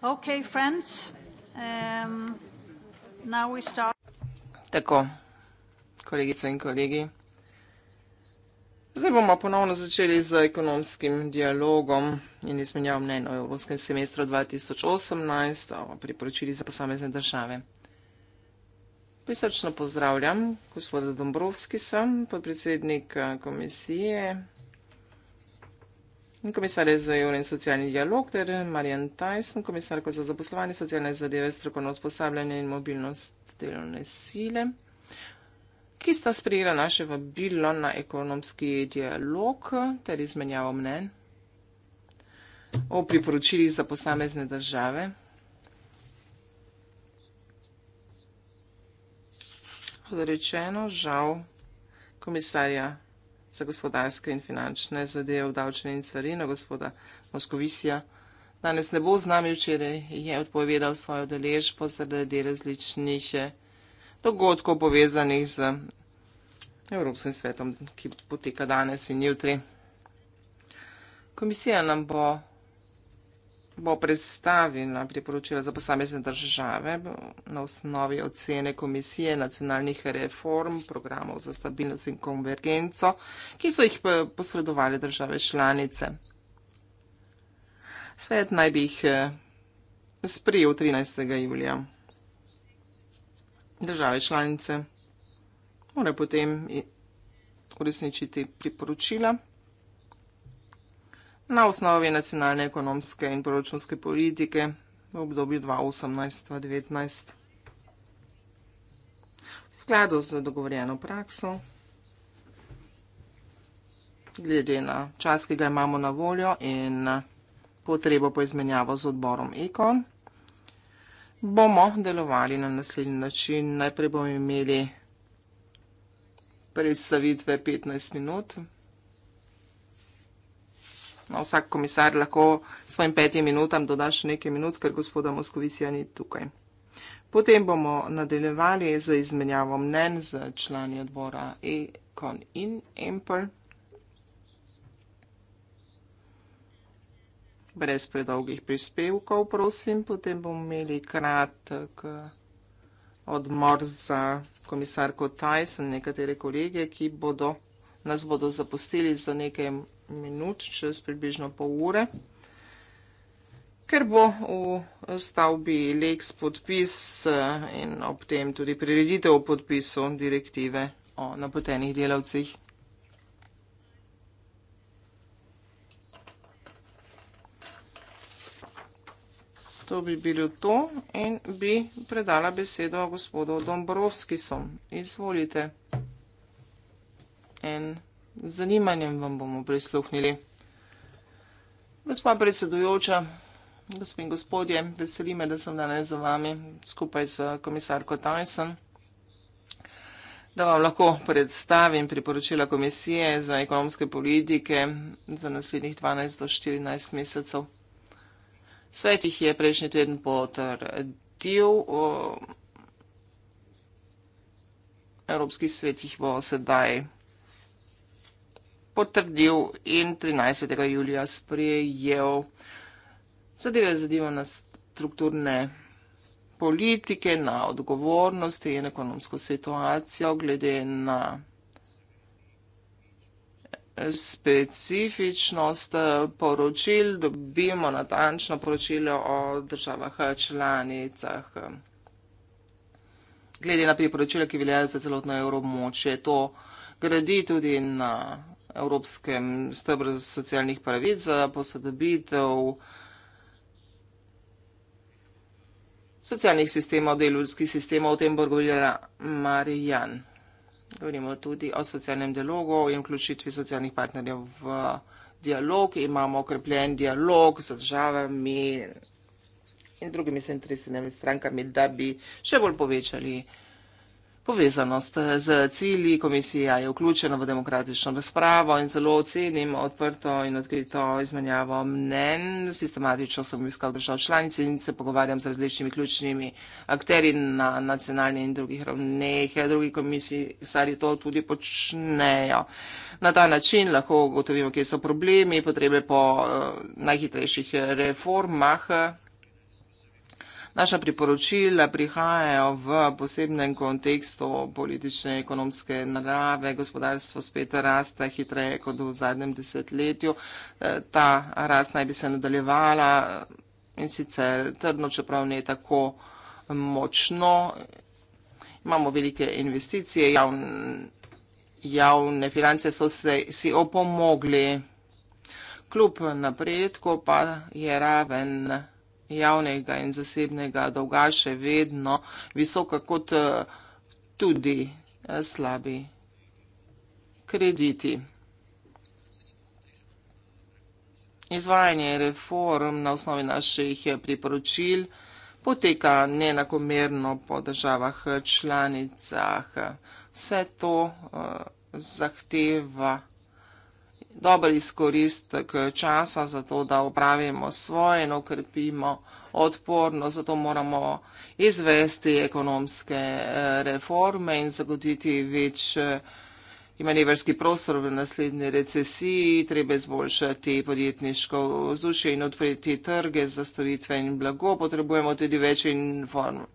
Okay, friends. Um, now we start. Tako, kolegice in kolegi. Zdaj bomo ponovno začeli z ekonomskim dialogom in izmenjavom mnen o evropskem semestru 2018, o priporočili za posamezne države. Prisrčno pozdravljam, gospoda Dombrovski sem, podpredsednik komisije Komisar za EU in socialni dialog ter Marian Tyson, komisarko za zaposlovanje, socialne zadeve, strokovno usposabljanje in mobilnost delovne sile, ki sta sprejela naše vabilo na ekonomski dialog ter izmenjavo mnen o priporočilih za posamezne države. Odrečeno, žal, komisarja za gospodarske in finančne zadeve v davčne in carino, gospoda Moskovisija. Danes ne bo z nami, včeraj je odpovedal svojo deležbo zaradi različnih eh, dogodkov povezanih z Evropskim svetom, ki poteka danes in jutri. Komisija nam bo bo predstavi na priporočila za posamezne države na osnovi ocene Komisije nacionalnih reform, programov za stabilnost in konvergenco, ki so jih posredovali države članice. Svet naj bi jih eh, sprijel 13. julija. Države članice morajo potem uresničiti priporočila na osnovi nacionalne ekonomske in proračunske politike v obdobju 2018-2019. V skladu z dogovorjeno prakso, glede na čas, ki ga imamo na voljo in potrebo po izmenjavo z odborom ECON, bomo delovali na naslednji način. Najprej bomo imeli predstavitve 15 minut. No, vsak komisar lahko svojim petim minutam dodaš nekaj minut, ker gospoda Moskovisija ni tukaj. Potem bomo nadaljevali z izmenjavo mnen z člani odbora Econ in Empel. Brez predolgih prispevkov, prosim. Potem bomo imeli kratek odmor za komisarko Tyson, nekatere kolege, ki bodo nas bodo zapustili za nekaj minut, čez približno pol ure, ker bo v stavbi Lex podpis eh, in ob tem tudi prireditev o podpisu direktive o napotenih delavcih. To bi bilo to in bi predala besedo gospodu Dombrovskisom. Izvolite in z zanimanjem vam bomo prisluhnili. Gospa predsedujoča, gospod in gospodje, veseli me, da sem danes z vami skupaj z komisarko Tyson, da vam lahko predstavim priporočila Komisije za ekonomske politike za naslednjih 12 do 14 mesecev. Svet jih je prejšnji teden potrdil, Evropski svet jih bo sedaj potrdil potrdil in 13. julija sprejel zadeve zadeva na strukturne politike, na odgovornosti in ekonomsko situacijo glede na specifičnost poročil. Dobimo natančno poročilo o državah članicah. Glede na priporočila, ki velja za celotno evromoče, to gradi tudi na Evropskem stebru socialnih pravic za posodobitev socialnih sistemov, delovskih sistemov, o tem bo govorila Marijan. Govorimo tudi o socialnem dialogu in vključitvi socialnih partnerjev v dialog. Imamo okrepljen dialog z državami in drugimi zainteresiranimi strankami, da bi še bolj povečali povezanost z cilji. Komisija je vključena v demokratično razpravo in zelo ocenim odprto in odkrito izmenjavo mnen. Sistematično sem iskal držav članice in se pogovarjam z različnimi ključnimi akteri na nacionalni in drugih ravneh. Drugi komisari to tudi počnejo. Na ta način lahko ugotovimo, kje so problemi, potrebe po eh, najhitrejših reformah Naša priporočila prihajajo v posebnem kontekstu politične, ekonomske narave, gospodarstvo spet raste hitreje kot v zadnjem desetletju. E, ta rast naj bi se nadaljevala in sicer trdno, čeprav ne tako močno. Imamo velike investicije, javne, javne finance so se, si opomogli. Kljub napredku pa je raven javnega in zasebnega dolga še vedno visoka kot eh, tudi eh, slabi krediti. Izvajanje reform na osnovi naših eh, priporočil poteka nenakomerno po državah članicah. Vse to zahteva dober izkoristek časa za to, da upravimo svoje in okrepimo odporno, zato moramo izvesti ekonomske eh, reforme in zagoditi več imanevrski eh, prostor v naslednji recesiji, treba izboljšati podjetniško vzdušje in odpreti trge za storitve in blago, potrebujemo tudi več informacij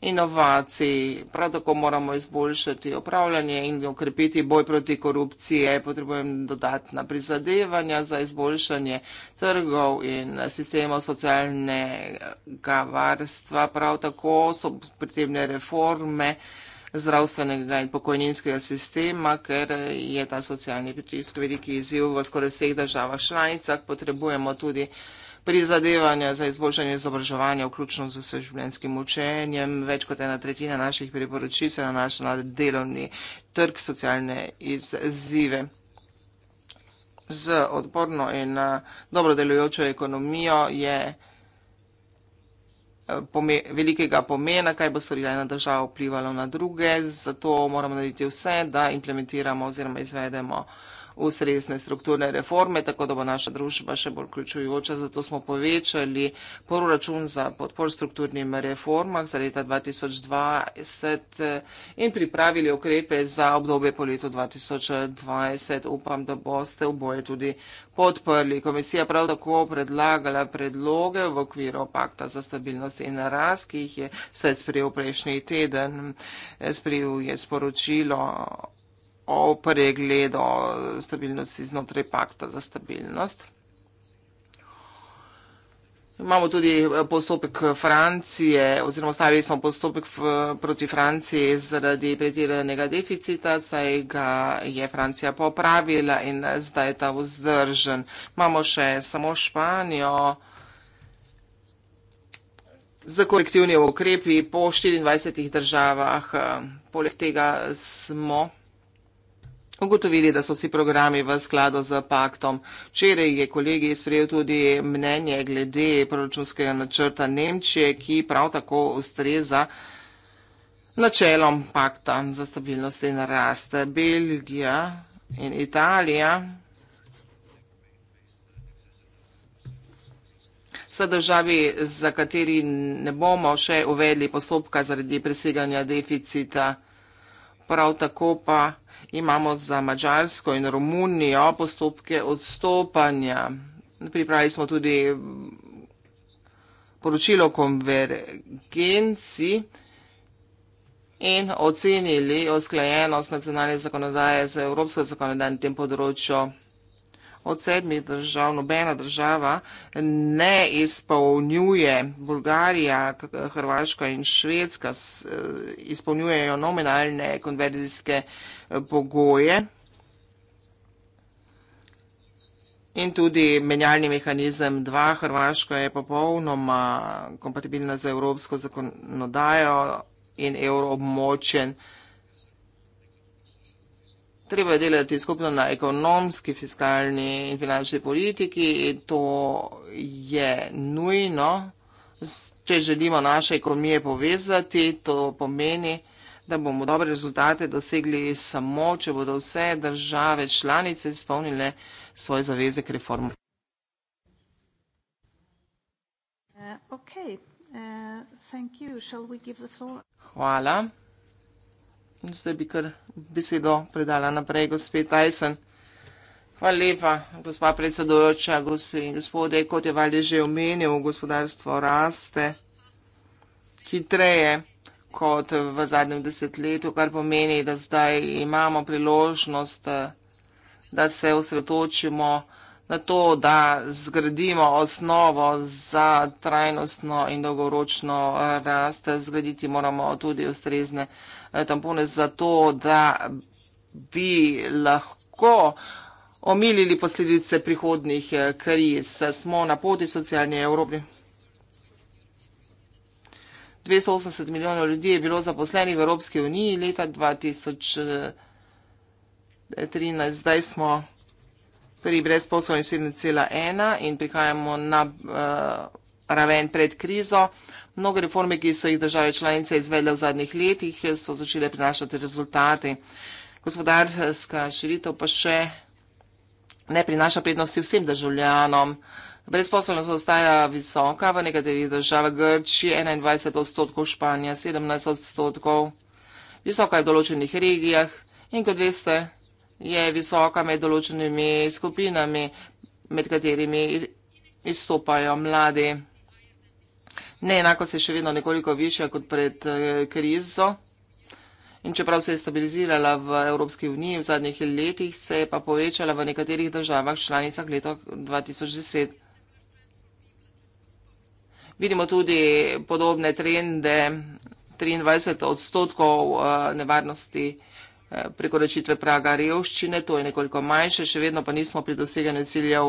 inovacij, prav tako moramo izboljšati upravljanje in okrepiti boj proti korupciji, potrebujem dodatna prizadevanja za izboljšanje trgov in sistemov socialnega varstva, prav tako so potrebne reforme zdravstvenega in pokojninskega sistema, ker je ta socialni pritisk veliki izziv v skoraj vseh državah članicah, potrebujemo tudi prizadevanja za izboljšanje izobraževanja, vključno z vseživljenjskim učenjem. Več kot ena tretjina naših priporočí se nanaša na delovni trg, socialne izzive. Z odporno in eh, dobro delujočo ekonomijo je eh, pome velikega pomena, kaj bo storila ena država vplivala na druge, zato moramo narediti vse, da implementiramo oziroma izvedemo ustrezne strukturne reforme, tako da bo naša družba še bolj ključujoča. Zato smo povečali proračun za podpor strukturnim reformah za leta 2020 eh, in pripravili ukrepe za obdobje po letu 2020. Upam, da boste oboje tudi podprli. Komisija prav tako predlagala predloge v okviru pakta za stabilnost in rast, ki jih je svet sprejel prejšnji teden. Sprejel je sporočilo o pregledu stabilnosti znotraj pakta za stabilnost. Imamo tudi postopek Francije, oziroma ostavili smo postopek v, proti Franciji zaradi pretiranega deficita, saj ga je Francija popravila in zdaj je ta vzdržen. Imamo še samo Španijo. Za korektivni ukrepi po 24 državah. Poleg tega smo ugotovili, da so vsi programi v skladu z paktom. Včeraj je kolegi sprejel tudi mnenje glede proračunskega načrta Nemčije, ki prav tako ustreza načelom pakta za stabilnost in rast. Belgija in Italija. Sa državi, za kateri ne bomo še uvedli postopka zaradi preseganja deficita prav tako pa imamo za Mačarsko in Romunijo postopke odstopanja. Pripravili smo tudi poročilo o konvergenci in ocenili usklajenost nacionalne zakonodaje z evropsko zakonodajo na tem področju od sedmih držav, nobena država ne izpolnjuje, Bulgarija, Hrvaška in Švedska eh, izpolnjujejo nominalne konverzijske eh, pogoje in tudi menjalni mehanizem 2. Hrvaška je popolnoma kompatibilna za evropsko zakonodajo in evroobmočen zakonodajo. Treba je delati skupno na ekonomski, fiskalni in finančni politiki in to je nujno. Če želimo naše ekonomije povezati, to pomeni, da bomo dobre rezultate dosegli samo, če bodo vse države članice izpolnile svoje zaveze k reformu. Uh, uh, Hvala. Zdaj bi kar besedo predala naprej gospe Tyson. Hvala lepa, gospa predsedujoča, gospe in gospode, kot je Valje že omenil, gospodarstvo raste hitreje kot v zadnjem desetletju, kar pomeni, da zdaj imamo priložnost, da se osredotočimo na to, da zgradimo osnovo za trajnostno in dolgoročno rast. Zgraditi moramo tudi ustrezne Eh, tampone zato, da bi lahko omilili posledice prihodnih eh, kriz. Smo na poti socialni Evropi. 280 milijonov ljudi je bilo zaposlenih v Evropski uniji leta 2013. Zdaj smo pri brezposobnih 7,1 in prihajamo na uh, raven pred krizo. Mnoge reforme, ki so jih države članice izvedle v zadnjih letih, so začele prinašati rezultate. Gospodarska širitev pa še ne prinaša prednosti vsem državljanom. Brezposobnost ostaja visoka v nekaterih državah Grči, 21 odstotkov Španija, 17 odstotkov, visoka je v določenih regijah in kot veste, je visoka med določenimi skupinami, med katerimi izstopajo mladi. Neenakost je še vedno nekoliko višja kot pred eh, krizo. In čeprav se je stabilizirala v Evropski uniji v zadnjih letih, se je pa povečala v nekaterih državah članicah leto 2010. Vidimo tudi podobne trende, 23 odstotkov eh, nevarnosti. Eh, prekoračitve praga revščine, to je nekoliko manjše, še vedno pa nismo pri doseganju ciljev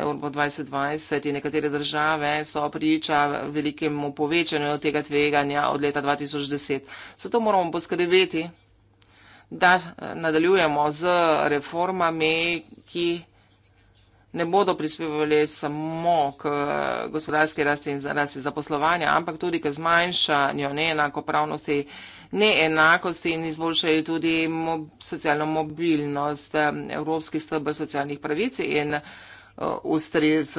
Evropo 2020 in nekatere države so priča velikemu povečanju tega tveganja od leta 2010. Zato moramo poskrbeti, da eh, nadaljujemo z reformami, ki ne bodo prispevali samo k eh, gospodarski rasti in rasti zaposlovanja, ampak tudi k zmanjšanju neenakopravnosti, neenakosti in izboljšali tudi mob, socialno mobilnost eh, Evropskih stebr socialnih pravic in eh, ustrez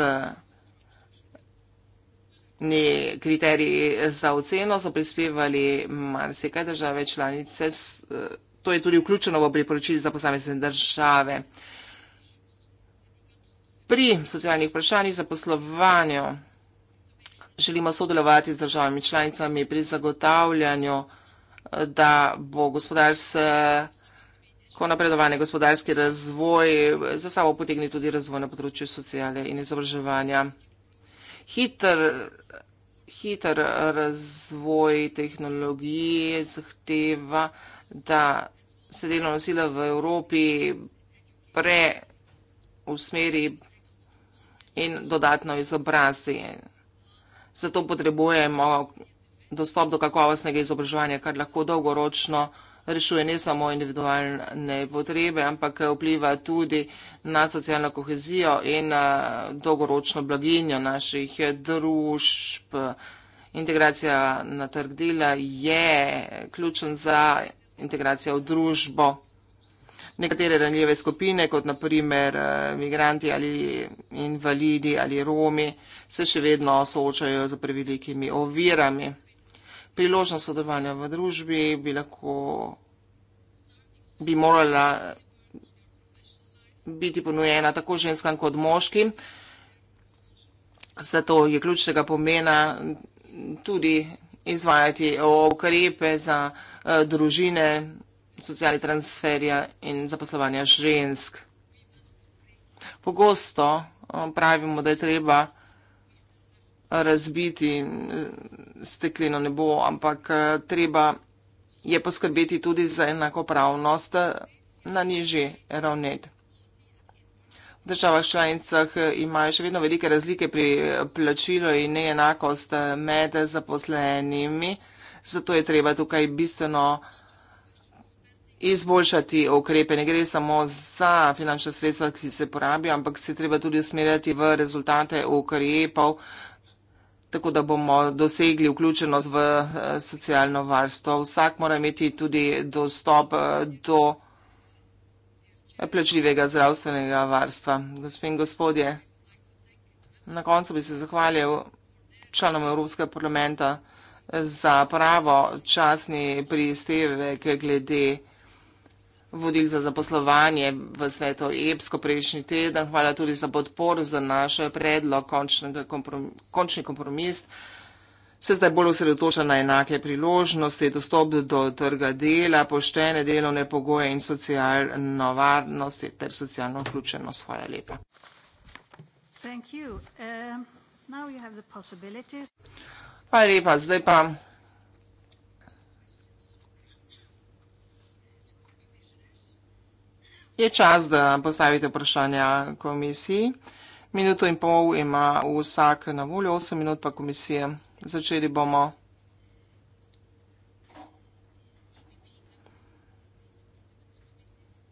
ne kriteriji za oceno, so prispevali marsikaj države članice, eh, to je tudi vključeno v priporočili za posamezne države. Pri socialnih vprašanjih za poslovanju želimo sodelovati z državami članicami pri zagotavljanju da bo gospodarsko eh, napredovanje, gospodarski razvoj za sabo potegnil tudi razvoj na področju sociale in izobraževanja. Hiter, hiter razvoj tehnologije zahteva, da se delovna sila v Evropi preusmeri in dodatno izobrazi. Zato potrebujemo dostop do kakovostnega izobraževanja, kar lahko dolgoročno rešuje ne samo individualne potrebe, ampak vpliva tudi na socialno kohezijo in na eh, dolgoročno blaginjo naših družb. Integracija na trg dela je ključen za integracijo v družbo. Nekatere ranljive skupine, kot naprimer eh, migranti ali invalidi ali romi, se še vedno soočajo z prevelikimi ovirami priložnost sodelovanja v družbi, bi lahko, bi morala biti ponujena tako ženskam kot moškim. Zato je ključnega pomena tudi izvajati okrepe za eh, družine, socialni transferja in zaposlovanja žensk. Pogosto eh, pravimo, da je treba vsega, razbiti eh, stekleno nebo, ampak eh, treba je poskrbeti tudi za enakopravnost eh, na nižji ravni. V državah članicah imajo še vedno velike razlike pri plačilu in neenakost med zaposlenimi, zato je treba tukaj bistveno izboljšati ukrepe. Ne gre samo za finančne sredstva, ki se porabijo, ampak se treba tudi usmerjati v rezultate ukrepov, tako da bomo dosegli vključenost v eh, socialno varstvo. Vsak mora imeti tudi dostop eh, do plačljivega zdravstvenega varstva. Gospod in gospodje, na koncu bi se zahvalil članom Evropskega parlamenta za pravo časni pristevek glede vsega vodil za zaposlovanje v svetu EPSKO prejšnji teden. Hvala tudi za podporo za naš predlog, komprom končni kompromis. Se zdaj bolj osredotoča na enake priložnosti, dostop do trga dela, poštene delovne pogoje in socialno varnost ter socialno vključenost. Hvala lepa. Um, Hvala lepa. Zdaj pa. Je čas, da postavite vprašanja komisiji. Minuto in pol ima vsak na voljo, 8 minut pa komisije. Začeli bomo.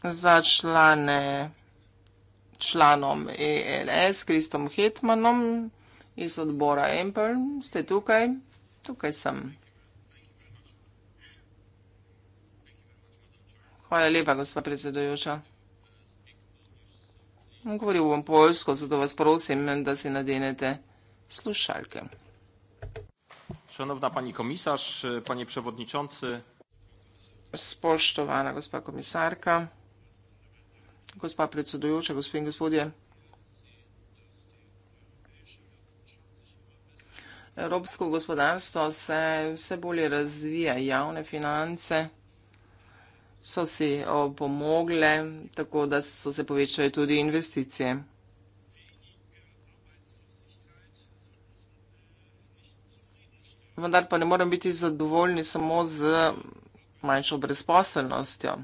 Za člane, članom ELS, Kristom Hetmanom iz odbora Empel, ste tukaj? Tukaj sem. Hvala lepa, gospod predsedujoča. Govoril bom polsko, zato vas prosim, da si nadenete slušalke. Šanovna pani komisarz, panie przewodniczący. Spoštovana gospa komisarka, gospa predsedujoča, gospod in gospodje. Evropsko gospodarstvo se vse bolje razvija javne finance so si opomogle, tako da so se povečale tudi investicije. Vendar pa ne moram biti zadovoljni samo z manjšo brezposelnostjo.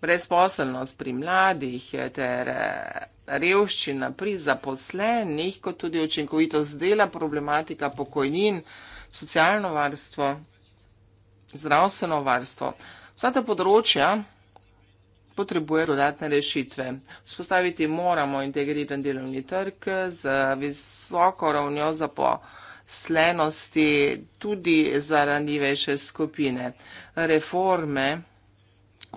Brezposelnost pri mladih ter eh, revščina pri zaposlenih, kot tudi učinkovitost dela, problematika pokojnin, socialno varstvo zdravstveno varstvo. Vsa ta področja potrebuje dodatne rešitve. Spostaviti moramo integriran delovni trg z visoko ravnjo zaposlenosti tudi za ranjivejše skupine. Reforme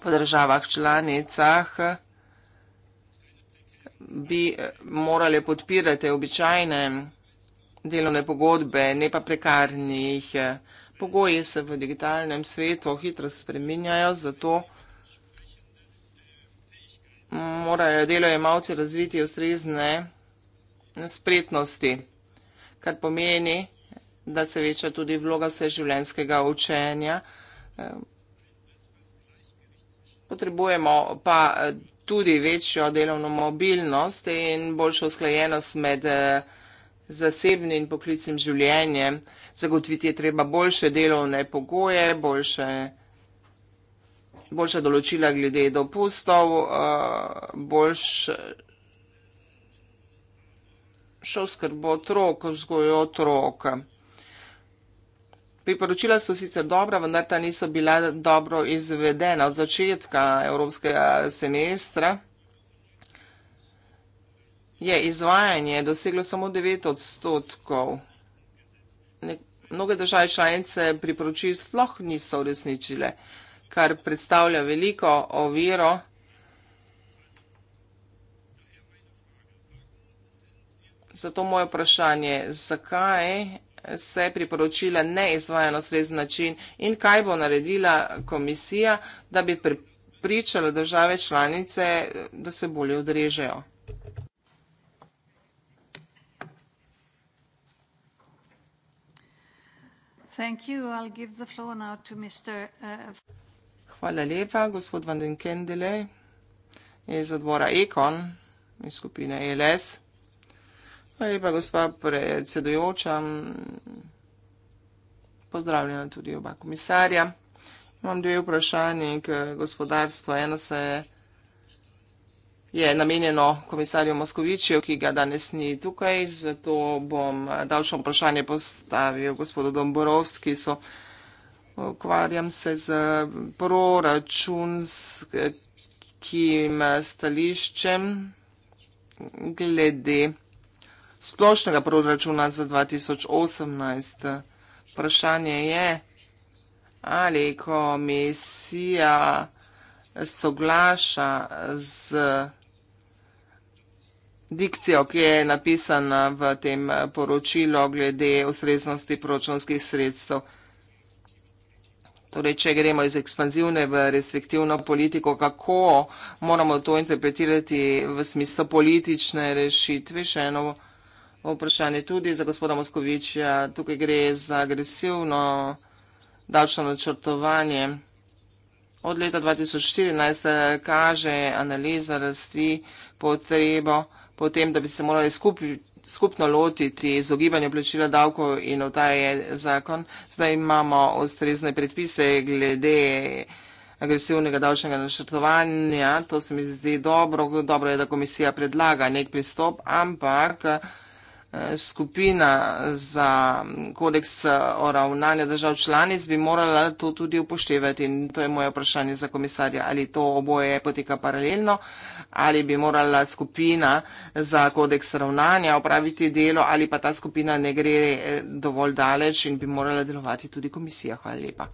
po državah članicah bi morali podpirati običajne delovne pogodbe, ne pa prekarnih delovnih. Pogoji se v digitalnem svetu hitro spreminjajo, zato morajo delojemalci razviti ustrezne spretnosti, kar pomeni, da se veča tudi vloga vseživljenjskega učenja. Potrebujemo pa tudi večjo delovno mobilnost in boljšo sklejenost med vsega, eh, zasebnim in poklicnim življenjem, zagotoviti je treba boljše delovne pogoje, boljše boljša določila glede dopustov, eh, boljša skrbo otrok, vzgojo otrok. Priporočila so sicer dobra, vendar ta niso bila dobro izvedena od začetka evropskega semestra je izvajanje doseglo samo 9 odstotkov. Mnoge države članice priporočil sploh niso uresničile, kar predstavlja veliko oviro. Zato moje vprašanje, zakaj se priporočila ne izvaja na srezen način in kaj bo naredila komisija, da bi pripričala države članice, da se bolje odrežejo. Thank you. I'll give the floor now to Mr. Uh, Hvala lepa, gospod Van den Kendele iz odbora Ekon iz skupine ELS. Hvala lepa, gospa predsedujoča. Pozdravljam tudi oba komisarja. Imam dve vprašanje k gospodarstvu. Eno se je je namenjeno komisarju Moskovičju, ki ga danes ni tukaj. Zato bom daljšo vprašanje postavil gospodu Domborovski. So, ukvarjam se z proračunskim stališčem glede splošnega proračuna za 2018. Vprašanje je, ali komisija soglaša z dikcijo, ki je napisana v tem poročilu glede ustreznosti proračunskih sredstev. Torej, če gremo iz ekspanzivne v restriktivno politiko, kako moramo to interpretirati v smislu politične rešitve? Še eno vprašanje tudi za gospoda Moskovičja. Tukaj gre za agresivno davčno načrtovanje. Od leta 2014 eh, kaže analiza rasti potrebo potem, da bi se morali skup, skupno lotiti izogibanja plačila davkov in otaje zakon. Zdaj imamo ustrezne predpise glede agresivnega davčnega načrtovanja. To se mi zdi dobro. Dobro je, da komisija predlaga nek pristop, ampak skupina za kodeks eh, o ravnanju držav članic bi morala to tudi upoštevati. In to je moje vprašanje za komisarja, ali to oboje poteka paralelno, ali bi morala skupina za kodeks ravnanja opraviti delo, ali pa ta skupina ne gre eh, dovolj daleč in bi morala delovati tudi komisija. Hvala lepa.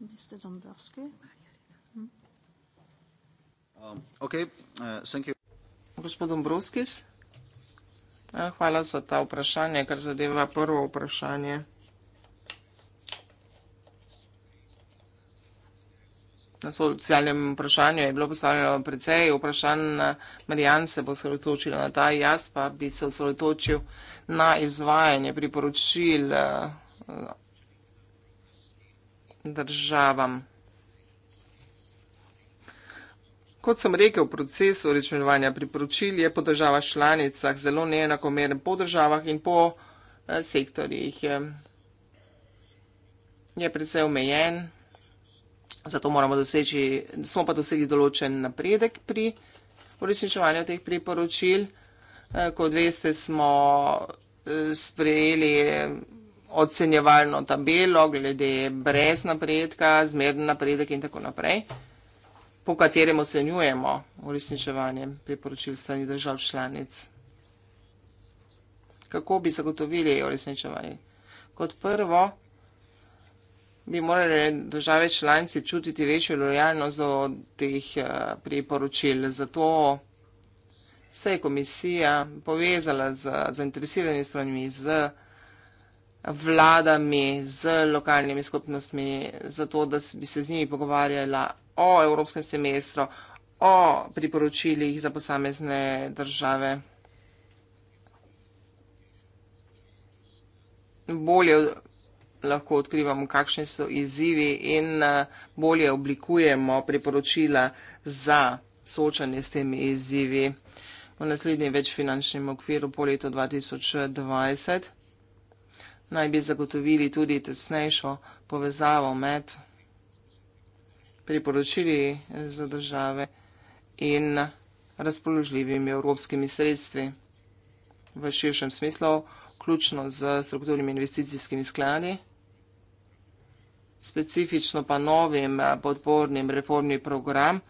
Mr. Dombrovski. Um, uh, Gospod Dombrovskis. Hvala za ta vprašanje, kar zadeva prvo vprašanje. Na socialnem vprašanju je bilo postavljeno precej vprašanj, Marijan se bo osredotočil na ta, jaz pa bi se osredotočil na izvajanje priporočil državam. Kot sem rekel, proces uračunovanja priporočil je po državah članicah zelo neenakomeren, po državah in po eh, sektorjih je predvsej omejen, zato moramo doseči, smo pa dosegli določen napredek pri uresničevanju teh priporočil. Eh, kot veste, smo eh, sprejeli ocenjevalno tabelo glede brez napredka, zmeren napredek in tako naprej po katerem ocenjujemo uresničevanje priporočil strani držav članic. Kako bi zagotovili uresničevanje? Kot prvo bi morali države članice čutiti večjo lojalnost od teh eh, priporočil. Zato se je komisija povezala z zainteresiranimi stranmi, z vladami, z lokalnimi skupnostmi, zato da bi se z njimi pogovarjala o evropskem semestru, o priporočilih za posamezne države. Bolje lahko odkrivamo, kakšni so izzivi in eh, bolje oblikujemo priporočila za soočanje s temi izzivi v naslednjem večfinančnem okviru po letu 2020. Naj bi zagotovili tudi tesnejšo povezavo med priporočili eh, za države in razpoložljivimi evropskimi sredstvi. V širšem smislu, ključno z strukturnimi investicijskimi skladi, specifično pa novim eh, podpornim reformni program,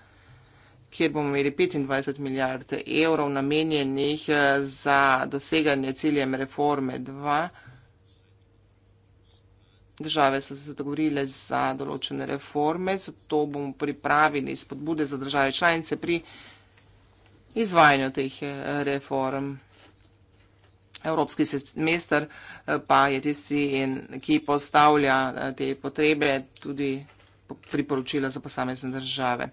kjer bomo imeli 25 milijard evrov namenjenih eh, za doseganje ciljem reforme 2, Države so se dogovorile za določene reforme, zato bomo pripravili spodbude za države članice pri izvajanju teh eh, reform. Evropski semester eh, pa je tisti, ki postavlja eh, te potrebe, tudi priporočila za posamezne države.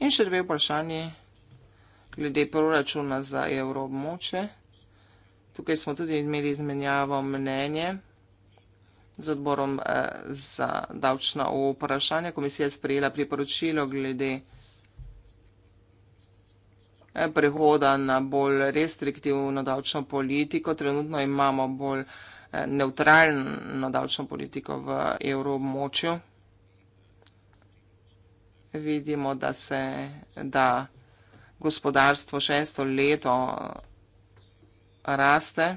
In še dve vprašanje glede proračuna za evroobmoče. Tukaj smo tudi imeli izmenjavo mnenje. Z odborom eh, za davčna vprašanja komisija je sprejela priporočilo glede eh, prehoda na bolj restriktivno davčno politiko. Trenutno imamo bolj eh, neutralno davčno politiko v evroobmočju. Vidimo, da se da gospodarstvo šesto leto raste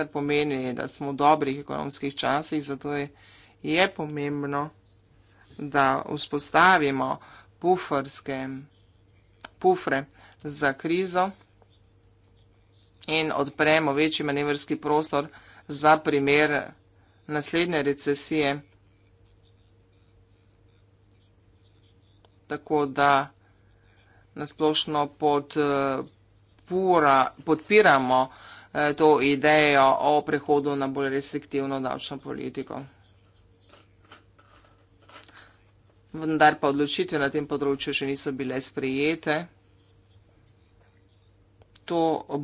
kar pomeni, da smo v dobrih ekonomskih časih, zato je, je pomembno, da vzpostavimo puferske, pufre za krizo in odpremo večji manevrski prostor za primer naslednje recesije. Tako da nasplošno pod, uh, pura, podpiramo uh, Eh, to idejo o prehodu na bolj restriktivno davčno politiko. Vendar pa odločitve na tem področju še niso bile sprejete. To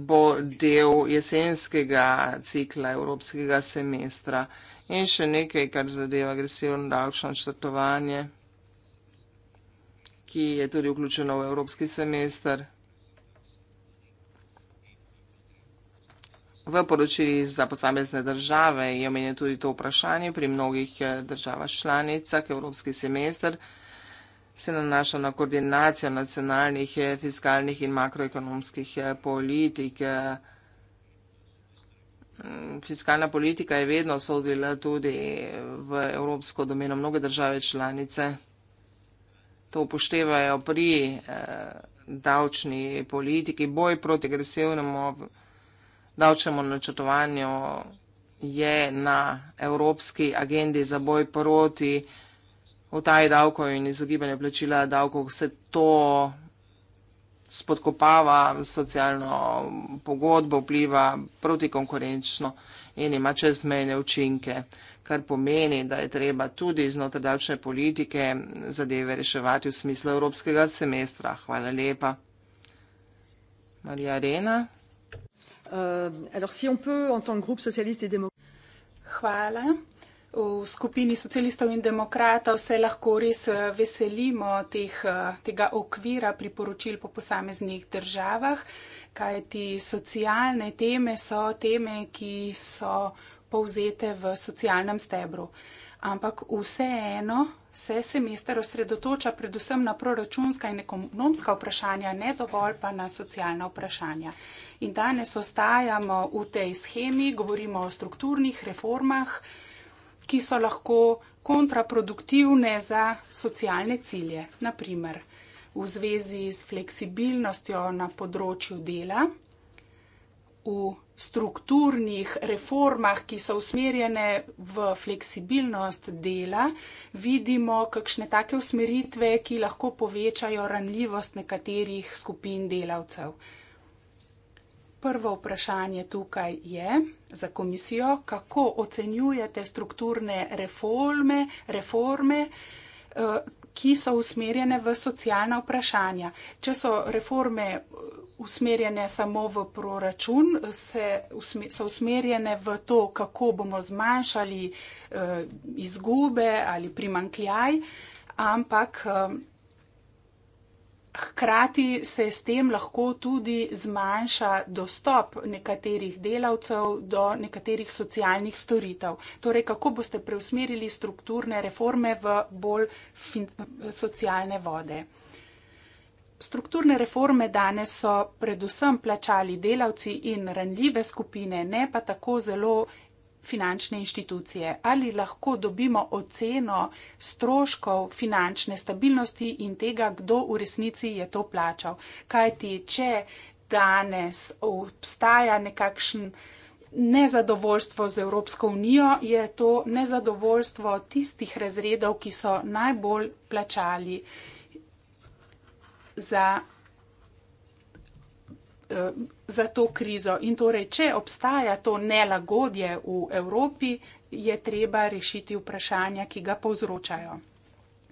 bo del jesenskega cikla evropskega semestra in še nekaj, kar zadeva agresivno davčno črtovanje, ki je tudi vključeno v evropski semestr. V poročilih za posamezne države je omenjen tudi to vprašanje pri mnogih eh, državah članicah. Evropski semester se nanaša na koordinacijo nacionalnih eh, fiskalnih in makroekonomskih eh, politik. Mm, fiskalna politika je vedno sodila tudi v evropsko domeno. Mnoge države članice to upoštevajo pri davčni politiki, boj proti agresivnemu davčnemu načrtovanju je na evropski agendi za boj proti utaji davkov in izogibanju plačila davkov, vse to spodkopava socialno pogodbo, vpliva protikonkurenčno in ima čezmejne učinke, kar pomeni, da je treba tudi iznotraj davčne politike zadeve reševati v smislu evropskega semestra. Hvala lepa. Marija Arena. Euh, alors, si on peut, en tant que groupe socialiste et démocrate. Hvala. V skupini socialistov in demokratov se lahko res eh, veselimo teh, eh, tega okvira priporočil po posameznih državah, kajti socialne teme so teme, ki so povzete v socialnem stebru. Ampak vseeno se semester osredotoča predvsem na proračunska in ekonomska vprašanja, ne dovolj pa na socialna vprašanja. In danes ostajamo v tej schemi, govorimo o strukturnih reformah, ki so lahko kontraproduktivne za socialne cilje. Naprimer, v zvezi s fleksibilnostjo na področju dela, v strukturnih reformah, ki so usmerjene v fleksibilnost dela, vidimo kakšne take usmeritve, ki lahko povečajo ranljivost nekaterih skupin delavcev. Prvo vprašanje tukaj je za komisijo, kako ocenjujete strukturne reforme, reforme eh, ki so usmerjene v socialna vprašanja. Če so reforme usmerjene samo v proračun, se, so usmerjene v to, kako bomo zmanjšali eh, izgube ali primankljaj, ampak eh, hkrati se s tem lahko tudi zmanjša dostop nekaterih delavcev do nekaterih socialnih storitev. Torej, kako boste preusmerili strukturne reforme v bolj fin, socialne vode. Strukturne reforme danes so predvsem plačali delavci in ranljive skupine, ne pa tako zelo finančne inštitucije. Ali lahko dobimo oceno stroškov finančne stabilnosti in tega, kdo v resnici je to plačal? Kajti, če danes obstaja nekakšen nezadovoljstvo z Evropsko unijo, je to nezadovoljstvo tistih razredov, ki so najbolj plačali za, eh, za to krizo. In torej, če obstaja to nelagodje v Evropi, je treba rešiti vprašanja, ki ga povzročajo.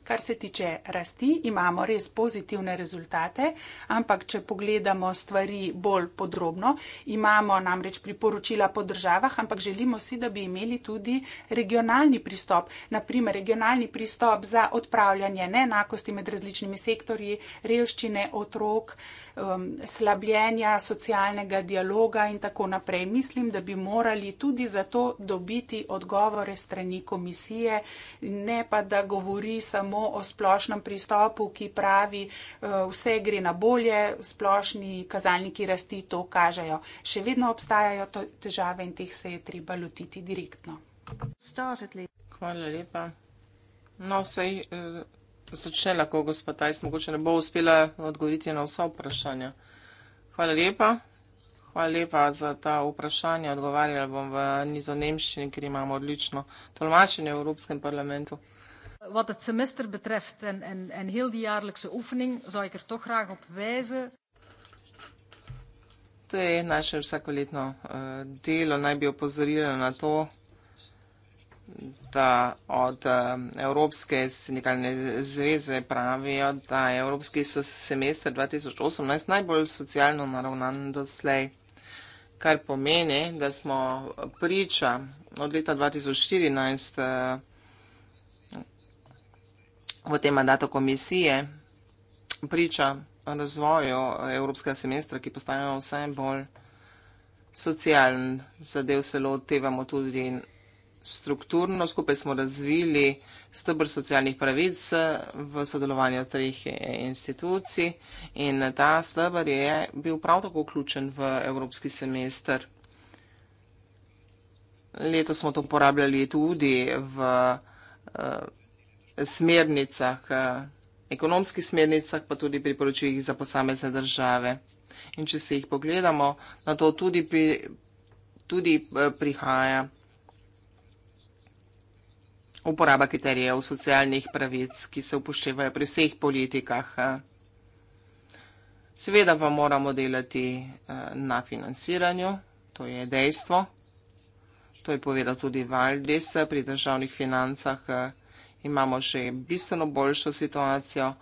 Kar se tiče rasti, imamo res pozitivne rezultate, ampak če pogledamo stvari bolj podrobno, imamo namreč priporočila po državah, ampak želimo si, da bi imeli tudi regionalni pristop. Naprimer, regionalni pristop za odpravljanje neenakosti med različnimi sektorji, revščine otrok, um, slabljenja socialnega dialoga in tako naprej. Mislim, da bi morali tudi za to dobiti odgovore strani komisije, ne pa da govori samo samo o splošnem pristopu, ki pravi, eh, vse gre na bolje, splošni kazalniki rasti to kažejo. Še vedno obstajajo težave in teh se je treba lotiti direktno. Hvala lepa. No, vsej eh, začne lahko gospod Tajs, mogoče ne bo uspela odgovoriti na vsa vprašanja. Hvala lepa. Hvala lepa za ta vprašanja. Odgovarjala bom v nizonemščini, ker imamo odlično tolmačenje v Evropskem parlamentu. Wat het semester betreft en, en, en heel die jaarlijkse oefening, zou ik er toch graag op wijzen. To je naše vsakoletno uh, delo, naj bi opozorili na to, da od uh, Evropske sindikalne zveze pravijo, da je Evropski semester 2018 najbolj socialno naravnan doslej, kar pomeni, da smo priča od leta 2014. Uh, eh, v tem mandatu komisije priča razvoju evropskega semestra, ki postaja vse bolj socialen. Zadev se lotevamo tudi strukturno. Skupaj smo razvili stebr socialnih pravic v sodelovanju treh institucij in ta stebr je bil prav tako vključen v evropski semester. Leto smo to uporabljali tudi v uh, smernicah, eh, ekonomskih smernicah, pa tudi priporočilih za posamezne države. In če se jih pogledamo, na to tudi, pri, tudi eh, prihaja uporaba kriterijev socialnih pravic, ki se upoštevajo pri vseh politikah. Seveda pa moramo delati eh, na financiranju, to je dejstvo. To je povedal tudi Valdis pri državnih financah imamo že bistveno boljšo situacijo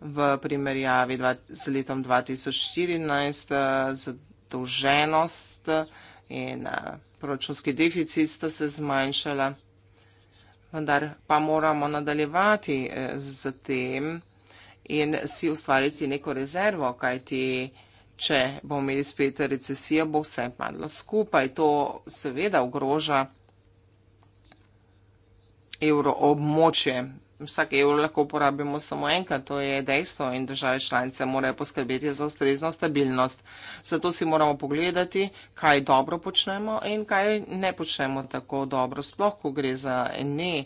v primerjavi z letom 2014. Eh, zadolženost eh, in eh, proračunski deficit sta se zmanjšala, vendar pa moramo nadaljevati z tem in si ustvariti neko rezervo, kajti če bomo imeli spet recesijo, bo vse padlo skupaj. To seveda ogroža vse evroobmočje. Vsak evro lahko uporabimo samo enkrat, to je dejstvo in države članice morajo poskrbeti za ustrezno stabilnost. Zato si moramo pogledati, kaj dobro počnemo in kaj ne počnemo tako dobro. Sploh, ko gre za ne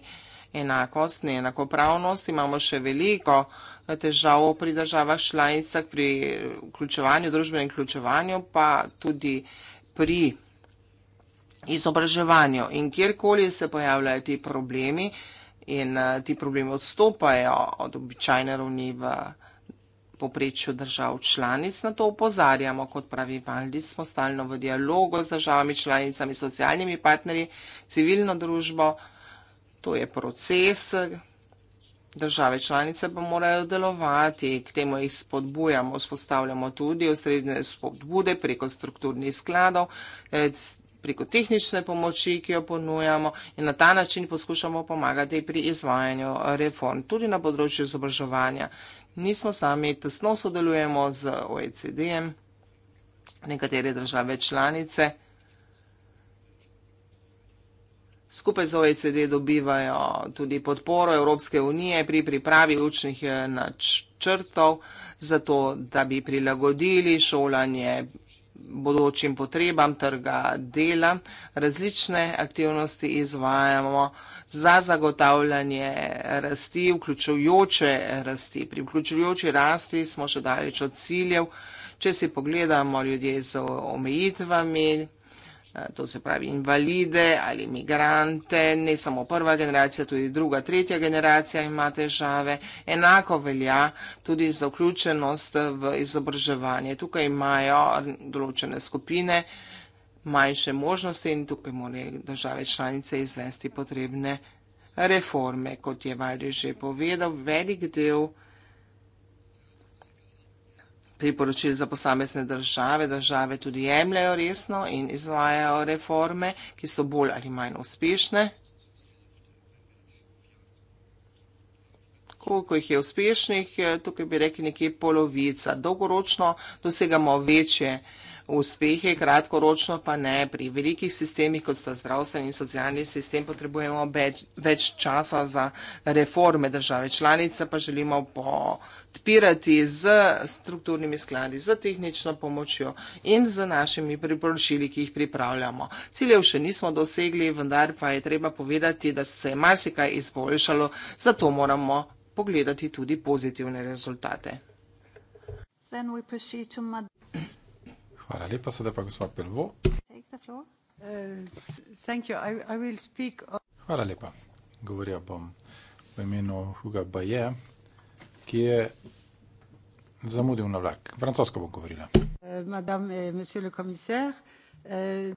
enakost, ne enakopravnost, imamo še veliko težav pri državah članicah, pri vključevanju, družbenem vključevanju, pa tudi pri izobraževanju. In kjerkoli se pojavljajo ti problemi in eh, ti problemi odstopajo od običajne ravni v poprečju držav članic, na to upozarjamo, kot pravi Valdi, smo stalno v dialogu z državami članicami, socialnimi partnerji, civilno družbo. To je proces, države članice pa morajo delovati, k temu jih spodbujamo, spostavljamo tudi ustredne spodbude preko strukturnih skladov, eh, preko tehnične pomoči, ki jo ponujamo in na ta način poskušamo pomagati pri izvajanju reform, tudi na področju izobraževanja. Nismo sami, tesno sodelujemo z OECD-em, nekatere države članice. Skupaj z OECD dobivajo tudi podporo Evropske unije pri pripravi učnih eh, načrtov, zato da bi prilagodili šolanje bodočim potrebam trga dela. Različne aktivnosti izvajamo za zagotavljanje rasti, vključujoče rasti. Pri vključujoči rasti smo še daleč od ciljev. Če si pogledamo ljudje z omejitvami, Eh, to se pravi invalide ali imigrante, ne samo prva generacija, tudi druga, tretja generacija ima težave. Enako velja tudi za vključenost v izobraževanje. Tukaj imajo določene skupine manjše možnosti in tukaj morajo države članice izvesti potrebne reforme. Kot je Valdi že povedal, velik del vključenosti priporočil za posamezne države. Države tudi jemljajo resno in izvajajo reforme, ki so bolj ali manj uspešne. Koliko jih je uspešnih, eh, tukaj bi rekli nekje polovica. Dolgoročno dosegamo večje uh, uspehe, kratkoročno pa ne. Pri velikih sistemih, kot sta zdravstveni in socialni sistem, potrebujemo več, več časa za reforme države. Članice pa želimo podpirati z strukturnimi skladi, z tehnično pomočjo in z našimi priporočili, ki jih pripravljamo. Ciljev še nismo dosegli, vendar pa je treba povedati, da se je marsikaj izboljšalo, zato moramo pogledati tudi pozitivne rezultate. Then we proceed to Madrid. Hvala lepa, sedaj pa gospod Pelvo. Uh, Hvala lepa. Govoril bom v imenu Huga Baje, ki je zamudil na vlak. Francosko bom govorila. Uh, eh, eh,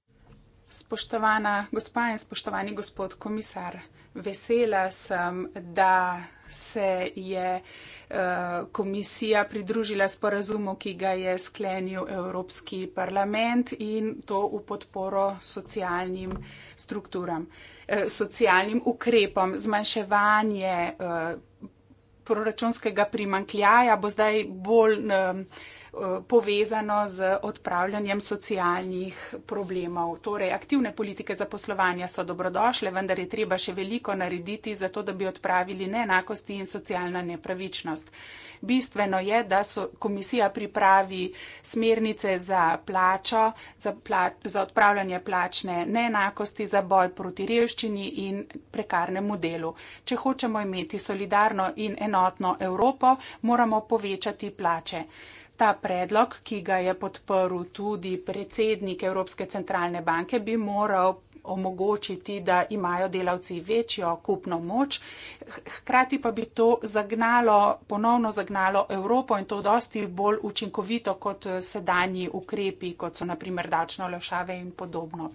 Spoštovana gospa in spoštovani gospod komisar vesela sem, da se je eh, komisija pridružila sporazumu, ki ga je sklenil Evropski parlament in to v podporo socialnim strukturam, eh, socialnim ukrepom, zmanjševanje eh, proračunskega primankljaja bo zdaj bolj. Eh, povezano z odpravljanjem socialnih problemov. Torej, aktivne politike zaposlovanja so dobrodošle, vendar je treba še veliko narediti za to, da bi odpravili neenakosti in socialna nepravičnost. Bistveno je, da so, komisija pripravi smernice za plačo, za, pla, za odpravljanje plačne neenakosti, za boj proti revščini in prekarnemu delu. Če hočemo imeti solidarno in enotno Evropo, moramo povečati plače ta predlog, ki ga je podporil tudi predsednik Evropske centralne banke, bi moral omogočiti, da imajo delavci večjo kupno moč. Hkrati pa bi to zagnalo, ponovno zagnalo Evropo in to dosti bolj učinkovito kot sedanji ukrepi, kot so naprimer davčne olešave in podobno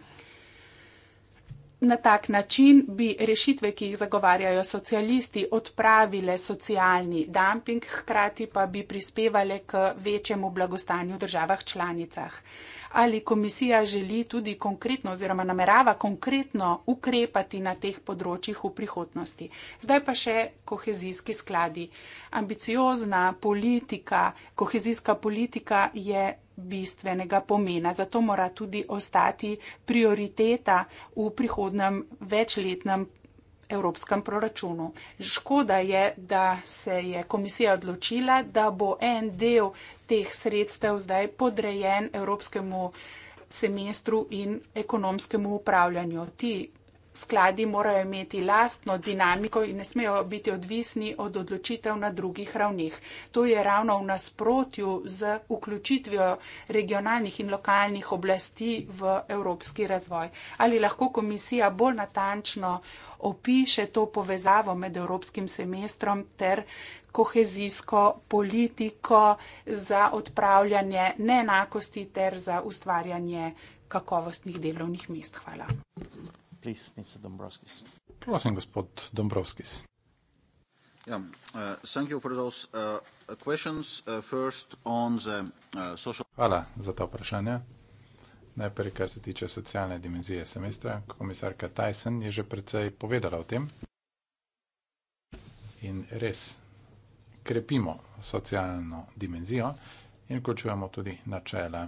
na tak način bi rešitve, ki jih zagovarjajo socialisti, odpravile socialni dumping, hkrati pa bi prispevale k večjemu blagostanju v državah članicah ali komisija želi tudi konkretno oziroma namerava konkretno ukrepati na teh področjih v prihodnosti. Zdaj pa še kohezijski skladi. Ambiciozna politika, kohezijska politika je bistvenega pomena, zato mora tudi ostati prioriteta v prihodnem večletnem evropskem proračunu. Škoda je, da se je komisija odločila, da bo en del teh sredstev zdaj podrejen evropskemu semestru in ekonomskemu upravljanju. Ti skladi morajo imeti lastno dinamiko in ne smejo biti odvisni od odločitev na drugih ravnih. To je ravno v nasprotju z vključitvijo regionalnih in lokalnih oblasti v evropski razvoj. Ali lahko komisija bolj natančno opiše to povezavo med evropskim semestrom ter kohezijsko politiko za odpravljanje neenakosti ter za ustvarjanje kakovostnih delovnih mest. Hvala. Please, Mr. Dombrovskis. Prosim, gospod Dombrovskis. Yeah, uh, thank you for those uh, questions. Uh, first on the uh, social... Hvala za ta vprašanja. Najprej, kar se tiče socialne dimenzije semestra, komisarka Tyson je že precej povedala o tem. In res, krepimo socialno dimenzijo in vključujemo tudi načela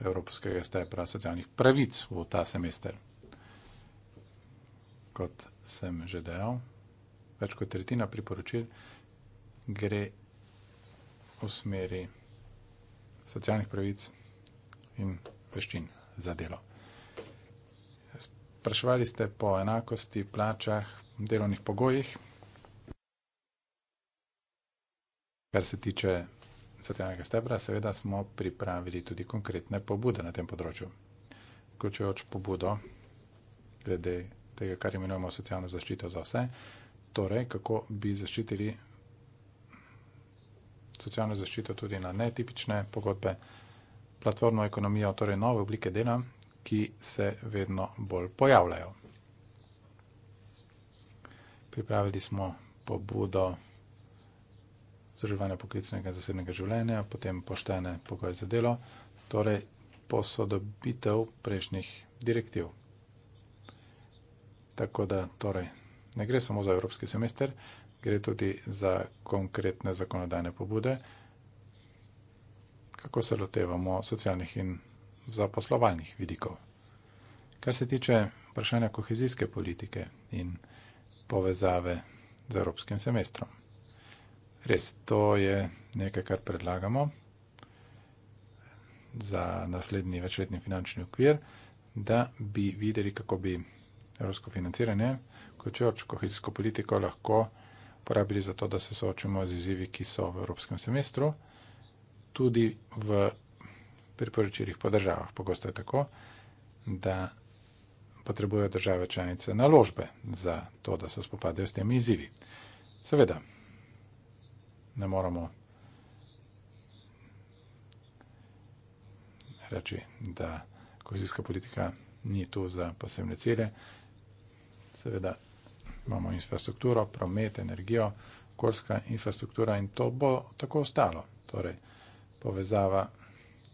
Evropskega stepra socialnih pravic v ta semester kot sem že dejal, več kot tretjina priporočil gre v smeri socialnih pravic in veščin za delo. Sprašvali ste po enakosti, plačah, delovnih pogojih, kar se tiče socialnega stebra, seveda smo pripravili tudi konkretne pobude na tem področju. Vključujoč pobudo glede tega, kar imenujemo socialna zaščita za vse. Torej, kako bi zaščitili socialno zaščito tudi na netipične pogodbe, platformno ekonomijo, torej nove oblike dela, ki se vedno bolj pojavljajo. Pripravili smo pobudo zaživanja poklicnega in zasebnega življenja, potem poštene pogoje za delo, torej posodobitev prejšnjih direktiv. Tako da torej ne gre samo za evropski semester, gre tudi za konkretne zakonodajne pobude, kako se lotevamo socialnih in zaposlovalnih vidikov. Kar se tiče vprašanja kohezijske politike in povezave z evropskim semestrom. Res, to je nekaj, kar predlagamo za naslednji večletni finančni okvir, da bi videli, kako bi evropsko financiranje, kot črč, kohezijsko politiko lahko uporabili za to, da se soočimo z izzivi, ki so v evropskem semestru, tudi v priporočilih po državah. Pogosto je tako, da potrebujejo države članice naložbe za to, da se spopadajo s temi izzivi. Seveda, ne moramo reči, da kohezijska politika ni tu za posebne cilje, seveda imamo infrastrukturo, promet, energijo, okoljska infrastruktura in to bo tako ostalo. Torej, povezava s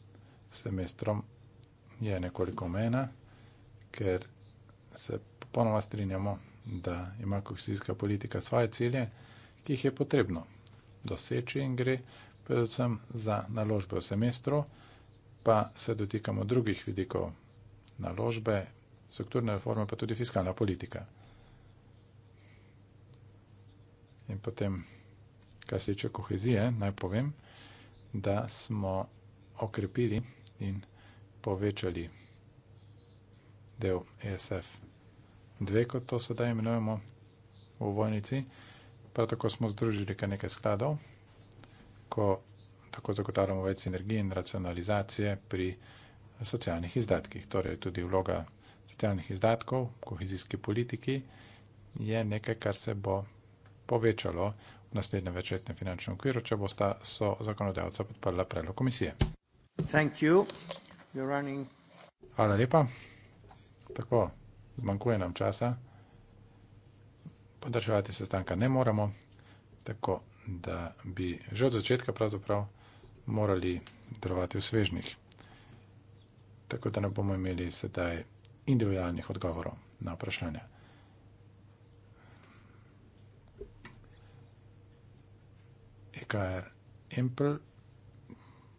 semestrom je nekoliko omena, ker se popolnoma strinjamo, da ima koksijska politika svoje cilje, ki jih je potrebno doseči in gre predvsem za naložbe v semestru, pa se dotikamo drugih vidikov naložbe, strukturna reforma, pa tudi fiskalna politika. In potem, kar se tiče kohezije, naj povem, da smo okrepili in povečali del ESF 2, kot to sedaj imenujemo v vojnici. Prav tako smo združili kar nekaj skladov, ko tako zagotavljamo več sinergije in racionalizacije pri socialnih izdatkih. Torej, tudi vloga socialnih izdatkov, kohezijski politiki, je nekaj, kar se bo povečalo v naslednjem večletnem finančnem okviru, če bosta so zakonodajalca podprla predlog komisije. Hvala lepa. Tako, zmanjkuje nam časa. Podrževati se stanka ne moremo, tako da bi že od začetka pravzaprav morali delovati v svežnih. Tako da ne bomo imeli sedaj individualnih odgovorov na vprašanje. EKR er, Impel